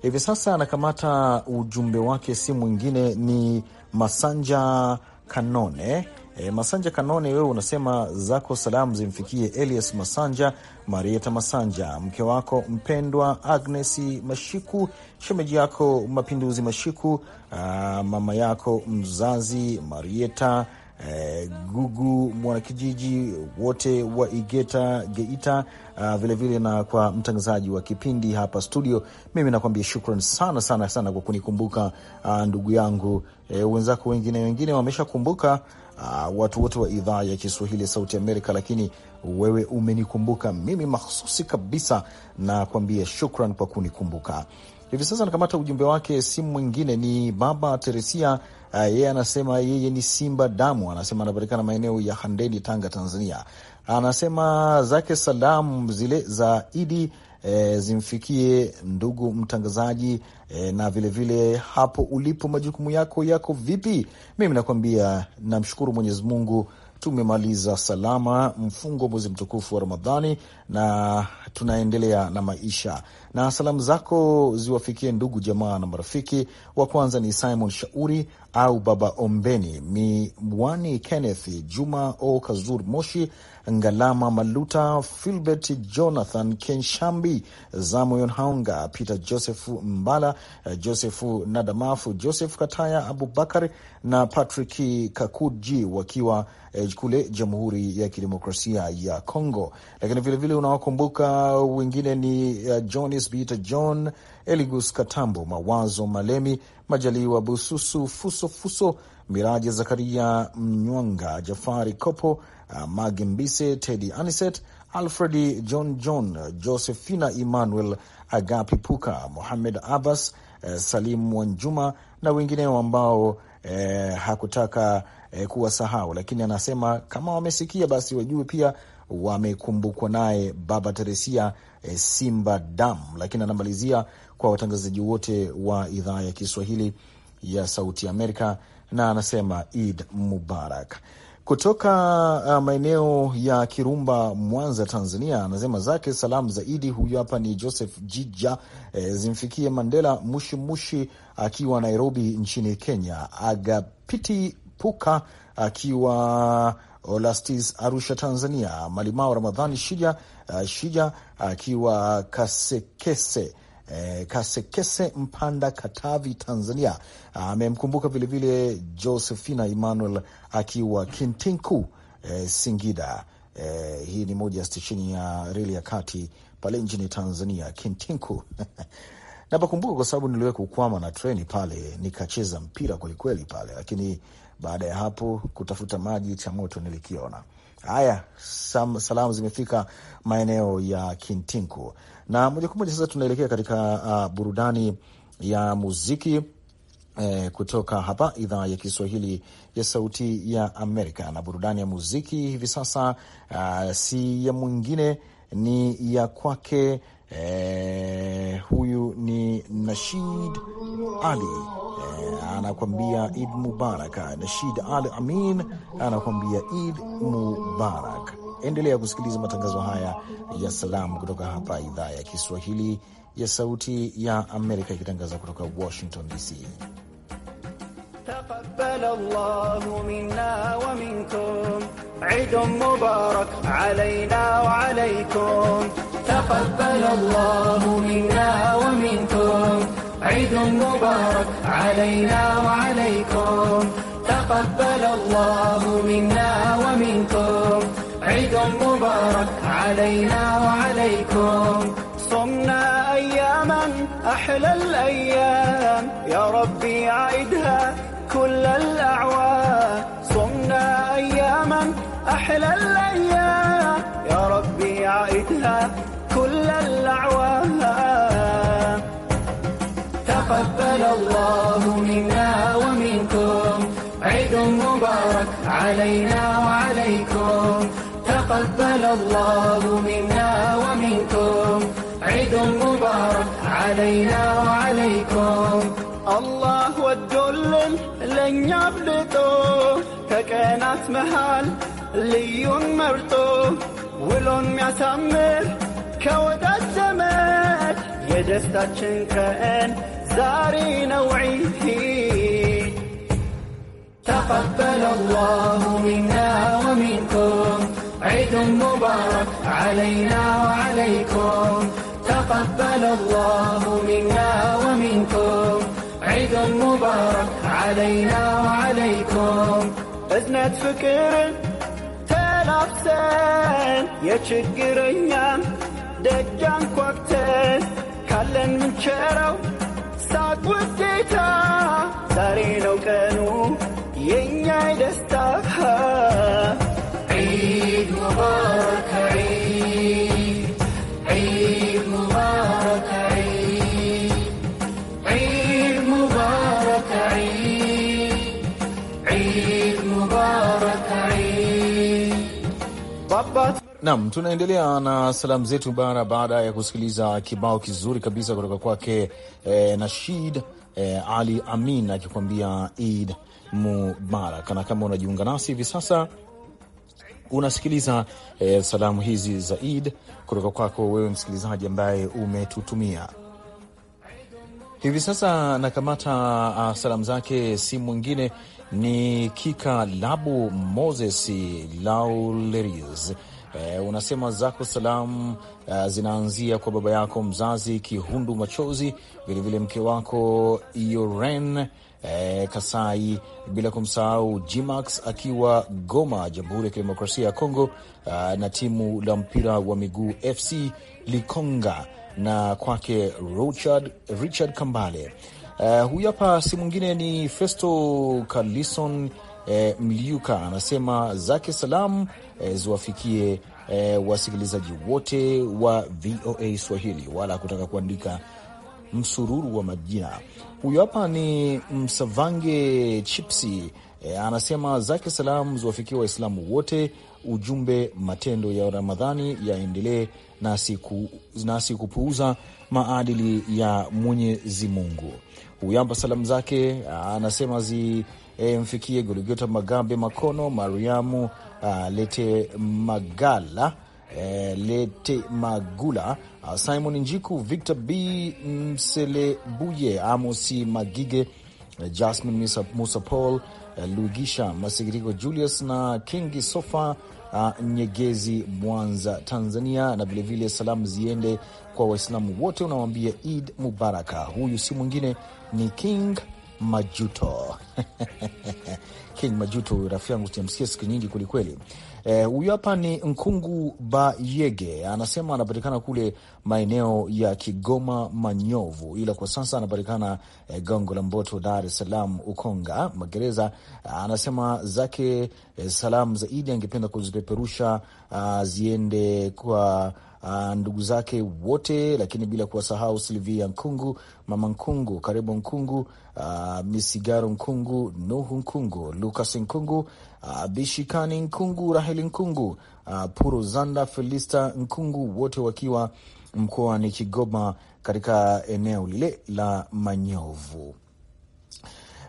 Hivi sasa anakamata ujumbe wake, si mwingine ni Masanja Kanone. E, Masanja Kanone, wewe unasema zako salamu zimfikie Elias Masanja, Marieta Masanja, mke wako mpendwa Agnes Mashiku, shemeji yako Mapinduzi Mashiku, aa, mama yako mzazi Marieta eh, Gugu mwanakijiji wote wa Igeta Geita, uh, ah, vilevile na kwa mtangazaji wa kipindi hapa studio, mimi nakwambia shukran sana sana sana kwa kunikumbuka uh, ndugu yangu eh, wenzako wengine wengine wameshakumbuka Uh, watu wote wa idhaa ya Kiswahili ya Sauti Amerika, lakini wewe umenikumbuka mimi mahususi kabisa, na kuambia shukran kwa kunikumbuka. Hivi sasa anakamata ujumbe wake, simu mwingine ni Baba Teresia. Uh, yeye anasema yeye ni Simba Damu, anasema anapatikana maeneo ya Handeni, Tanga, Tanzania. Anasema zake salamu zile za Idi E, zimfikie ndugu mtangazaji e, na vilevile vile, hapo ulipo majukumu yako yako vipi? Mimi nakwambia namshukuru Mwenyezi Mungu, tumemaliza salama mfungo mwezi mtukufu wa Ramadhani na tunaendelea na maisha na salamu zako ziwafikie ndugu jamaa na marafiki. Wa kwanza ni Simon Shauri au Baba Ombeni Miwani, Kenneth Juma o Kazur Moshi, Ngalama Maluta, Filbert Jonathan Kenshambi, Zamoyon Haunga, Peter Joseph Mbala, Joseph Nadamafu, Joseph Kataya, Abubakar na Patrick Kakuji wakiwa eh, kule Jamhuri ya Kidemokrasia ya Kongo. Lakini vilevile unawakumbuka wengine ni eh, Johnny Presbiter John Eligus Katambo, Mawazo Malemi, Majaliwa Bususu, Fuso Fuso, Miraji Zakaria Mnywanga, Jafari Kopo, uh, Magi Mbise, Tedi Aniset, Alfredi John John, Josephina Emmanuel, Agapi Puka, Mohamed Abbas, uh, Salim Wanjuma na wengineo ambao eh, hakutaka eh, sahau lakini anasema kama wamesikia basi wajue pia wamekumbukwa naye Baba Teresia e, Simba Dam, lakini anamalizia kwa watangazaji wote wa idhaa ya Kiswahili ya Sauti Amerika na anasema Id Mubarak kutoka uh, maeneo ya Kirumba, Mwanza, Tanzania. Anasema zake salamu zaidi, huyu hapa ni Joseph Jija, e, zimfikie Mandela Mushimushi akiwa Nairobi nchini Kenya, Agapiti Puka akiwa Olastis Arusha, Tanzania, Malimao Ramadhani Shija uh, Shija akiwa uh, Kasekese eh, Kasekese Mpanda, Katavi, Tanzania, uh, amemkumbuka uh, vilevile Josephina Emmanuel akiwa Kintinku eh, Singida. Eh, hii ni moja ya stesheni ya reli ya kati pale nchini Tanzania, Kintinku napakumbuka kwa sababu niliwahi kukwama na treni pale nikacheza mpira kwelikweli pale, lakini baada ya hapo kutafuta maji, cha moto nilikiona. Haya, salamu zimefika maeneo ya Kintinku na moja kwa moja sasa tunaelekea katika uh, burudani ya muziki eh, kutoka hapa idhaa ya Kiswahili ya Sauti ya Amerika. Na burudani ya muziki hivi sasa uh, si ya mwingine, ni ya kwake Eh, huyu ni Nashid Ali eh, anakuambia Id Mubarak. Nashid Ali Amin anakuambia Id Mubarak. Endelea kusikiliza matangazo haya ya salamu kutoka hapa idhaa ya Kiswahili ya Sauti ya Amerika ikitangaza kutoka Washington DC. تقبل الله منا ومنكم عيد مبارك علينا وعليكم تقبل الله منا ومنكم عيد مبارك علينا وعليكم تقبل الله منا ومنكم عيد مبارك علينا وعليكم صمنا أياما أحلى الأيام يا ربي عيدها كل الأعوام صمنا أياما أحلى الأيام يا ربي عائدها كل الأعوام تقبل الله منا ومنكم عيد مبارك علينا وعليكم تقبل الله منا ومنكم عيد مبارك علينا وعليكم ከኛ አብልጦ ከቀናት መሃል ልዩን መርጦ ውሎን የሚያሳምር ከወዳጅ ዘመድ የደስታችን ቀን ዛሬ ነው ዒድ تقبل الله منا ومنكم عيد مبارك علينا وعليكم تقبل الله منا ومنكم عيد مبارك علينا وعليكم እዝነት ፍቅርን ተላፍሰን የችግረኛም ደጃን ኳክተን ካለን ምንቸረው ሳቅ ውዴታ ዛሬ ነው ቀኑ የእኛ ደስታ ዒድ ሙባረክ Nam, tunaendelea na salamu zetu bara baada ya kusikiliza kibao kizuri kabisa kutoka kwake eh, Nashid eh, Ali Amin akikuambia Eid Mubarak. Na kama unajiunga nasi hivi sasa unasikiliza eh, salamu hizi za Eid kutoka kwako wewe msikilizaji ambaye umetutumia hivi sasa. Nakamata uh, salamu zake si mwingine ni Kika Labu Moses Lauleris e, unasema zako salamu uh, zinaanzia kwa baba yako mzazi Kihundu Machozi, vilevile mke wako yoren e, Kasai, bila kumsahau Jimax akiwa Goma, Jamhuri ya Kidemokrasia ya Kongo, uh, na timu la mpira wa miguu FC Likonga na kwake Richard, Richard Kambale. Uh, huyu hapa si mwingine ni Festo Kalison e, Mliuka anasema zake salamu e, eh, ziwafikie e, wasikilizaji wote wa VOA Swahili, wala kutaka kuandika msururu wa majina. Huyu hapa ni Msavange Chipsi e, anasema zake salamu ziwafikie Waislamu wote. Ujumbe, matendo ya Ramadhani yaendelee nasi kupuuza maadili ya Mwenyezi Mungu huyamba salamu zake, anasema zimfikie eh, e, Goligota Magambe Makono, Mariamu a, ah, Lete Magala e, Lete Magula a, ah, Simon Njiku, Victor B Mselebuye, Amosi Magige, eh, Jasmine Musa Paul, Luigisha Masikitiko, Julius na Kingi Sofa Ah, Nyegezi, Mwanza, Tanzania, na vilevile salamu ziende kwa Waislamu wote unawaambia Id Mubaraka. Huyu si mwingine ni King Majuto King Majuto, rafiki yangu, siku nyingi kwelikweli. Eh, huyu e, hapa ni Nkungu Bayege, anasema anapatikana kule maeneo ya Kigoma Manyovu, ila kwa sasa anapatikana e, Gongo la Mboto, Dar es Salaam, Ukonga magereza. Anasema zake e, salamu zaidi angependa kuzipeperusha ah, ziende kwa uh, ndugu zake wote, lakini bila kuwasahau Silvia Nkungu, Mama Nkungu, karibu Nkungu, uh, ah, Misigaro Nkungu, Nuhu Nkungu, Lukas Nkungu, uh, Bishikani Nkungu, Raheli Nkungu, uh, zanda Felista Nkungu, wote wakiwa mkoani Kigoma katika eneo lile la Manyovu.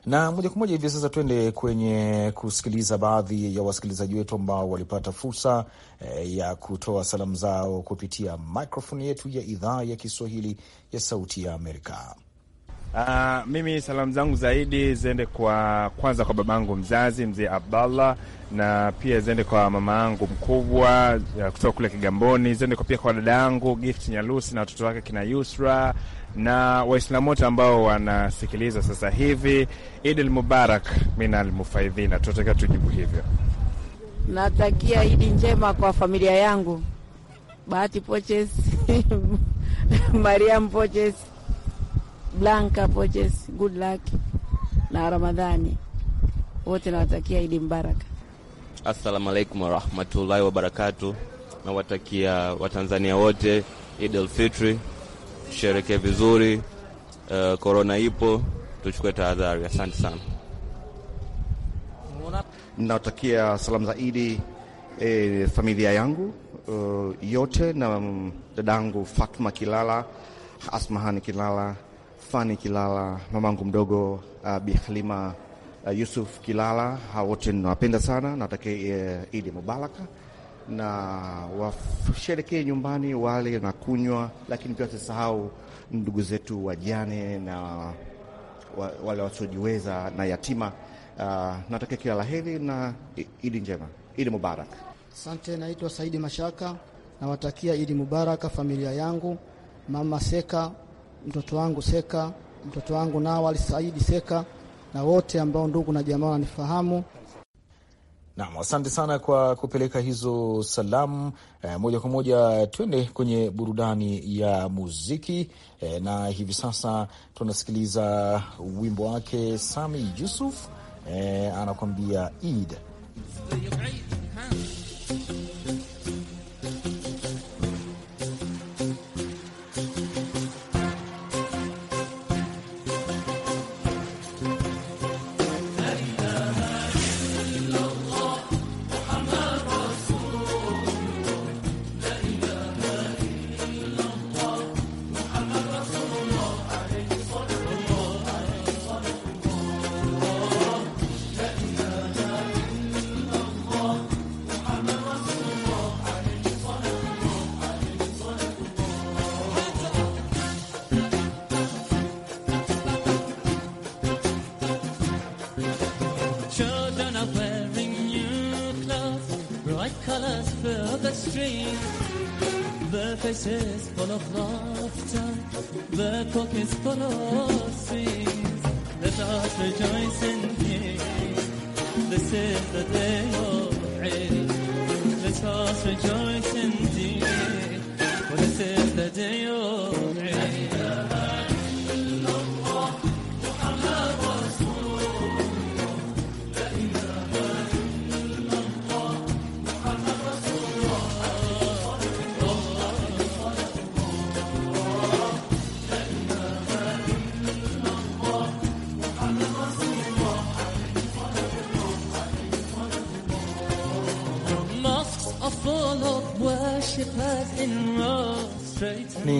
Na moja kwa moja hivi sasa tuende kwenye kusikiliza baadhi ya wasikilizaji wetu ambao walipata fursa eh, ya kutoa salamu zao kupitia mikrofoni yetu ya idhaa ya Kiswahili ya Sauti ya Amerika. Uh, mimi salamu zangu zaidi ziende kwa kwanza kwa babangu mzazi mzee Abdallah, na pia ziende kwa mama yangu mkubwa eh, kutoka kule Kigamboni, ziende kwa pia kwa dada yangu Gift Nyalusi na watoto wake kina Yusra na Waislamu wote ambao wanasikiliza sasa hivi, Idi lmubarak minal mufaidhina. Tunatakiwa tujibu hivyo. Natakia Idi njema kwa familia yangu, Bahati Poches, Mariam Poches, Blanka Poches, good luck na Ramadhani wote, nawatakia Idi mbaraka. Assalamu alaikum warahmatullahi wabarakatu. Nawatakia Watanzania wote Idil Fitri tusherekee vizuri. Korona eh, uh, ipo, tuchukue tahadhari. Asante sana, natakia salamu za Idi e, familia yangu uh, yote na mm, dadangu Fatma Kilala, Asmahani Kilala, Fani Kilala, mamangu mdogo uh, Bi Halima uh, Yusuf Kilala, hawote wote ninawapenda sana. Natakia uh, Idi mubaraka na washerekee nyumbani, wale na kunywa, lakini pia wasisahau ndugu zetu wajane na wale wasiojiweza na yatima. Uh, natakia kila laheri na Idi njema, Idi Mubarak. Asante, naitwa Saidi Mashaka, nawatakia Idi Mubaraka familia yangu, mama Seka, mtoto wangu Seka, mtoto wangu Nawali Saidi Seka na wote ambao ndugu na jamaa wanifahamu. Nam, asante sana kwa kupeleka hizo salamu. E, moja kwa moja twende kwenye burudani ya muziki e, na hivi sasa tunasikiliza wimbo wake Sami Yusuf e, anakuambia Eid pesce spolok lofta, ve kokis spolok.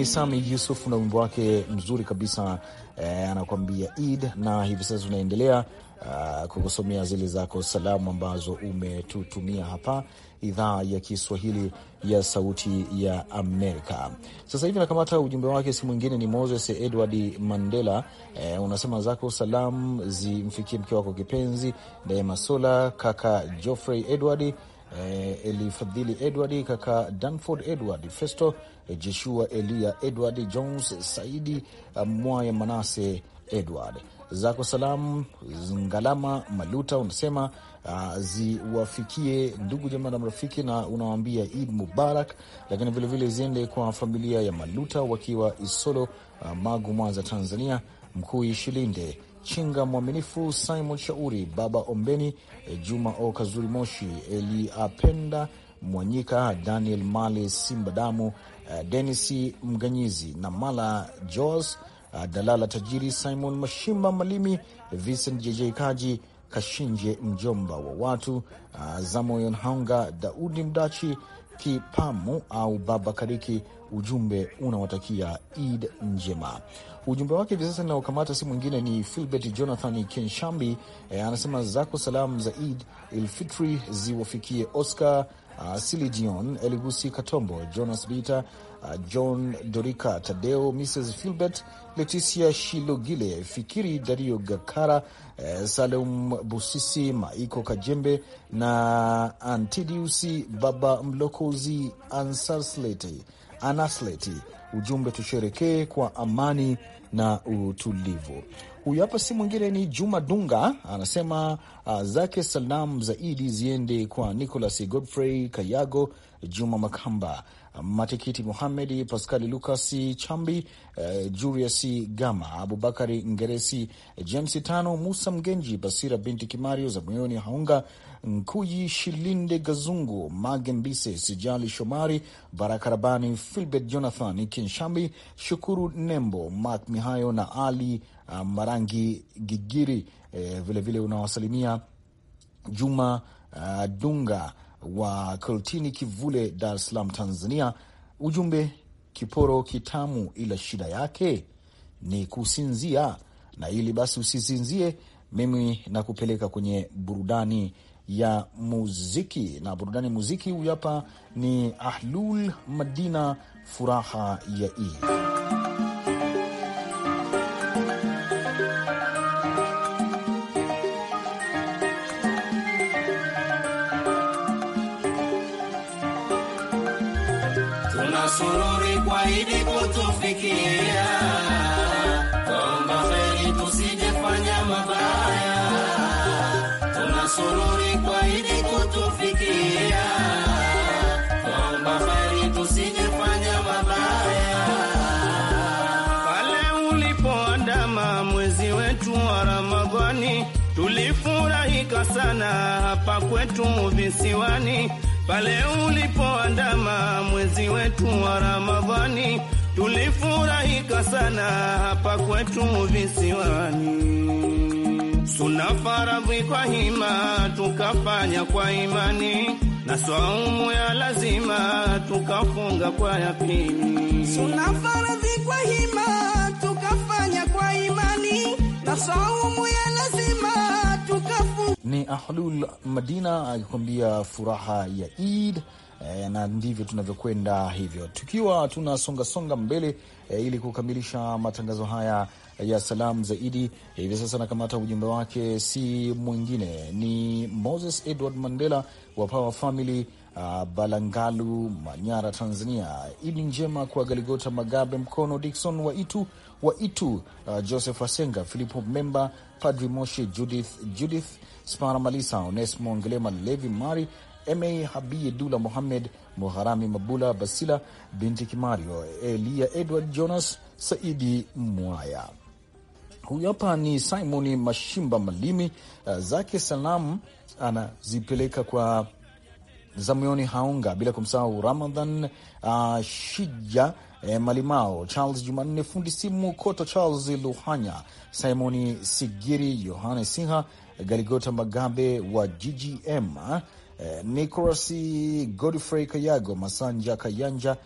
Sami Yusuf na wimbo wake mzuri kabisa eh, anakuambia Eid, na hivi sasa tunaendelea uh, kukusomea zile zako salamu ambazo umetutumia hapa idhaa ya Kiswahili ya Sauti ya Amerika. Sasa hivi nakamata ujumbe wake, si mwingine ni Moses Edward Mandela. E, unasema zako salamu zimfikie mke wako kipenzi Daima Sola, kaka Geoffrey Edward eh, Elifadhili Edward, kaka Danford Edward, Festo eh, Jeshua, Elia Edward Jones, Saidi eh, Mwaya, Manase Edward zako salamu Ngalama Maluta unasema uh, ziwafikie ndugu jamaa na marafiki, na unawaambia Id Mubarak, lakini vilevile ziende kwa familia ya Maluta wakiwa Isolo, uh, Magu, Mwanza, Tanzania, Mkuu Ishilinde Chinga Mwaminifu, Simon Shauri, Baba Ombeni, eh, Juma O Kazuri Moshi, Eliapenda Mwanyika, Daniel Mali Simba Damu, eh, Denis Mganyizi na Mala Jos eh, Dalala Tajiri, Simon Mashimba Malimi, Vincent JJ Kaji Kashinje, mjomba wa watu, Zamoyon Hanga, Daudi Mdachi Kipamu au Baba Kariki. Ujumbe unawatakia Eid njema. Ujumbe wake hivi sasa ninaokamata si mwingine ni Filbert Jonathan Kenshambi. E, anasema zako salamu za Eid Ilfitri ziwafikie Oscar uh, Silidion Eligusi Katombo, Jonas Bita, uh, John Dorika Tadeo, Mrs Filbert Leticia Shilogile, Fikiri Dario Gakara, eh, Salum Busisi, Maiko Kajembe na Antidiusi Baba Mlokozi Ansasleti Anasleti. Ujumbe tusherekee kwa amani na utulivu. Huyu hapa si mwingine ni Juma Dunga, anasema uh, zake salam zaidi ziende kwa Nicolas Godfrey Kayago, Juma Makamba, Matikiti Muhamedi, Paskali Lukas Chambi, uh, Julius Gama, Abubakari Ngeresi, James Tano, Musa Mgenji, Basira binti Kimario, za moyoni Haunga Nkuyi Shilinde Gazungu, Mage Mbise, Sijali Shomari, Barakarabani, Filbert Jonathan Kinshambi, Shukuru Nembo, Mak Mihayo na Ali uh, Marangi Gigiri. Vilevile eh, vile unawasalimia Juma uh, Dunga wa Koltini Kivule, Dar es Salaam, Tanzania. Ujumbe kiporo kitamu, ila shida yake ni kusinzia, na ili basi usisinzie, mimi nakupeleka kwenye burudani ya muziki na burudani. Muziki huyu hapa ni Ahlul Madina, furaha ya Eid. wetu visiwani, pale ulipoandama mwezi wetu wa Ramadhani, tulifurahika sana hapa kwetu visiwani. Suna faradhi kwa hima tukafanya kwa imani, na swaumu ya lazima tukafunga kwa yakini. Suna faradhi kwa hima tukafanya kwa imani, na swaumu ya mchafu. Ni Ahlul Madina akikuambia furaha ya Eid. E, na ndivyo tunavyokwenda hivyo tukiwa songa mbele e, ili kukamilisha matangazo haya ya salamu zaidi hivi sasa. Nakamata ujumbe wake, si mwingine ni Moses Edward Mandela wa Power Family a, ah, Balangalu, Manyara, Tanzania. Idi njema kwa Galigota Magabe Mkono, Dikson wa Itu wa Itu, ah, Joseph Asenga, Filipo Memba Padri Moshi, Judith Judith Spara Malisa, Onesmo Ngelema, Levi Mari, Ma Habiye, Dula Mohamed, Muharami Mabula, Basila binti Kimario, elia Edward Jonas, Saidi Mwaya. Huyu hapa ni Simoni Mashimba Malimi, uh, zake salamu anazipeleka kwa zamioni Haonga, bila kumsahau Ramadhan uh, Shija eh, Malimao Charles Jumanne, fundi simu Koto Charles Luhanya, Simoni Sigiri, Yohane Sinha, Galigota Magabe wa GGM, eh, Nicolas Godfrey Kayago, Masanja Kayanja,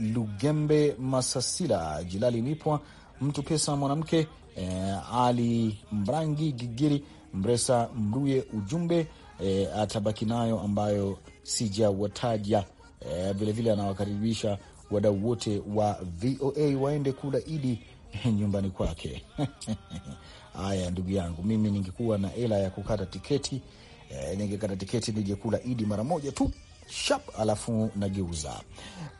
lugembe Masasila, Jilali nipwa Mtu Pesa Mwanamke, eh, Ali Mbrangi Gigiri, Mresa Mruye, ujumbe eh, atabaki nayo ambayo sijawataja. Vilevile eh, anawakaribisha wadau wote wa VOA waende kula Idi eh, nyumbani kwake. Haya, ndugu yangu, mimi ningekuwa na hela ya kukata tiketi e, ningekata tiketi nije kula Idi mara moja tu shap, alafu nageuza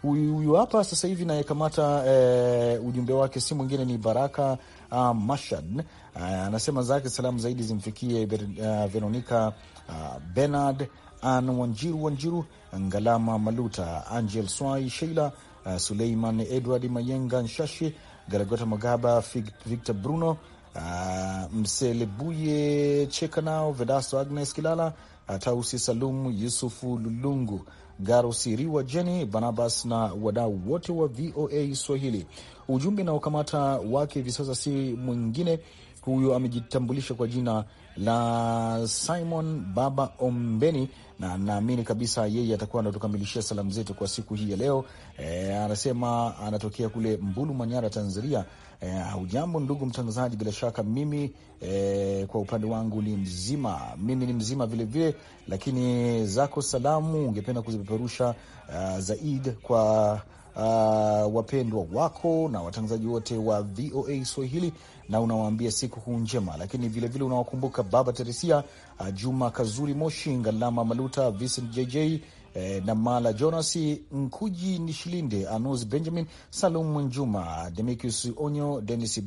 huyu hapa sasa hivi nayekamata. E, ujumbe wake si mwingine ni Baraka uh, ah, Mashad anasema uh, zake salamu zaidi zimfikie uh, Veronica uh, Bernard an Wanjiru Wanjiru Ngalama Maluta Angel Swai Sheila uh, Suleiman Edward Mayenga Nshashi, Garagota Magaba, Victor Bruno uh, Mselebuye Chekanao, Vedasto Agnes Kilala, uh, Tausi Salum, Yusufu Lulungu, Garo Siriwa, Jeni Barnabas na wadau wote wa VOA Swahili. Ujumbe na ukamata wake hivi sasa si mwingine huyo, amejitambulisha kwa jina la Simon Baba Ombeni, na naamini kabisa yeye atakuwa anatukamilishia salamu zetu kwa siku hii ya leo. E, anasema anatokea kule Mbulu, Manyara, Tanzania. E, hujambo ndugu mtangazaji, bila shaka mimi e, kwa upande wangu ni mzima, mimi ni mzima vilevile vile, lakini zako salamu ungependa kuzipeperusha uh, zaid kwa uh, wapendwa wako na watangazaji wote wa VOA Swahili na unawaambia siku kuu njema, lakini vilevile unawakumbuka Baba Teresia, ah, Juma Kazuri Moshi, Ngalama Maluta, Vincent JJ eh, na Mala Jonas Nkuji Nishilinde, Anus Benjamin, Salum Njuma Demikus Onyo, Denis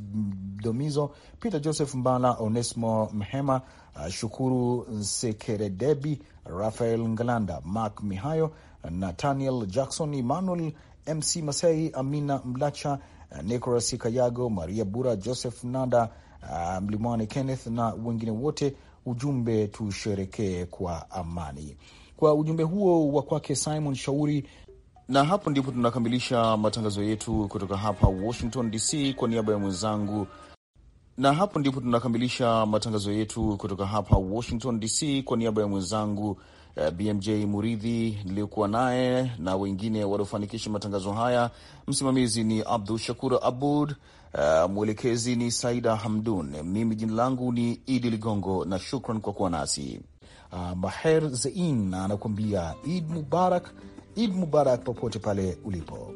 Domizo, Peter Joseph Mbala, Onesmo Mhema, ah, Shukuru Nsekeredebi, Rafael Ngalanda, Mark Mihayo, Nathaniel Jackson, Emmanuel MC masei Amina Mlacha Uh, Nicolas Kayago, Maria Bura, Joseph Nanda, uh, Mlimwani Kenneth na wengine wote, ujumbe tusherekee kwa amani. Kwa ujumbe huo wa kwake Simon Shauri, na hapo ndipo tunakamilisha matangazo yetu kutoka hapa Washington DC kwa niaba ya mwenzangu na hapo ndipo tunakamilisha matangazo yetu kutoka hapa Washington DC kwa niaba ya mwenzangu Eh, BMJ Muridhi niliyokuwa naye na wengine waliofanikisha matangazo haya. Msimamizi ni Abdul Shakur Abud, uh, mwelekezi ni Saida Hamdun, mimi jina langu ni Idi Ligongo na shukran kwa kuwa nasi. Uh, Maher Zein anakuambia Id Mubarak, Id Mubarak popote pale ulipo.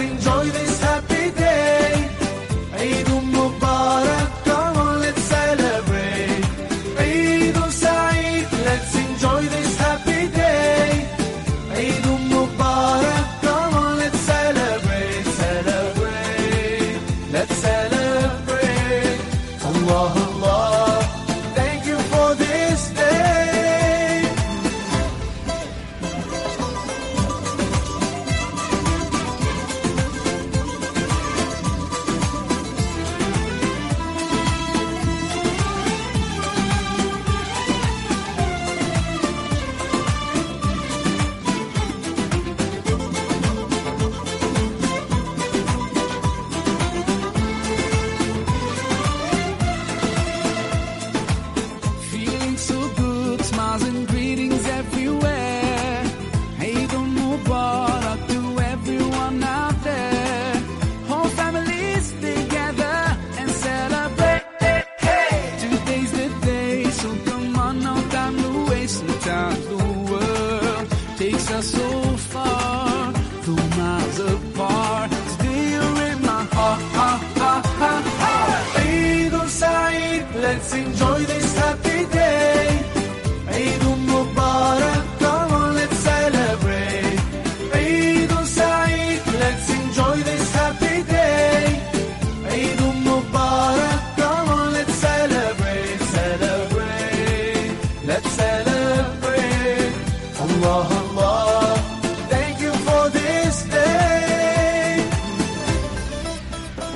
sing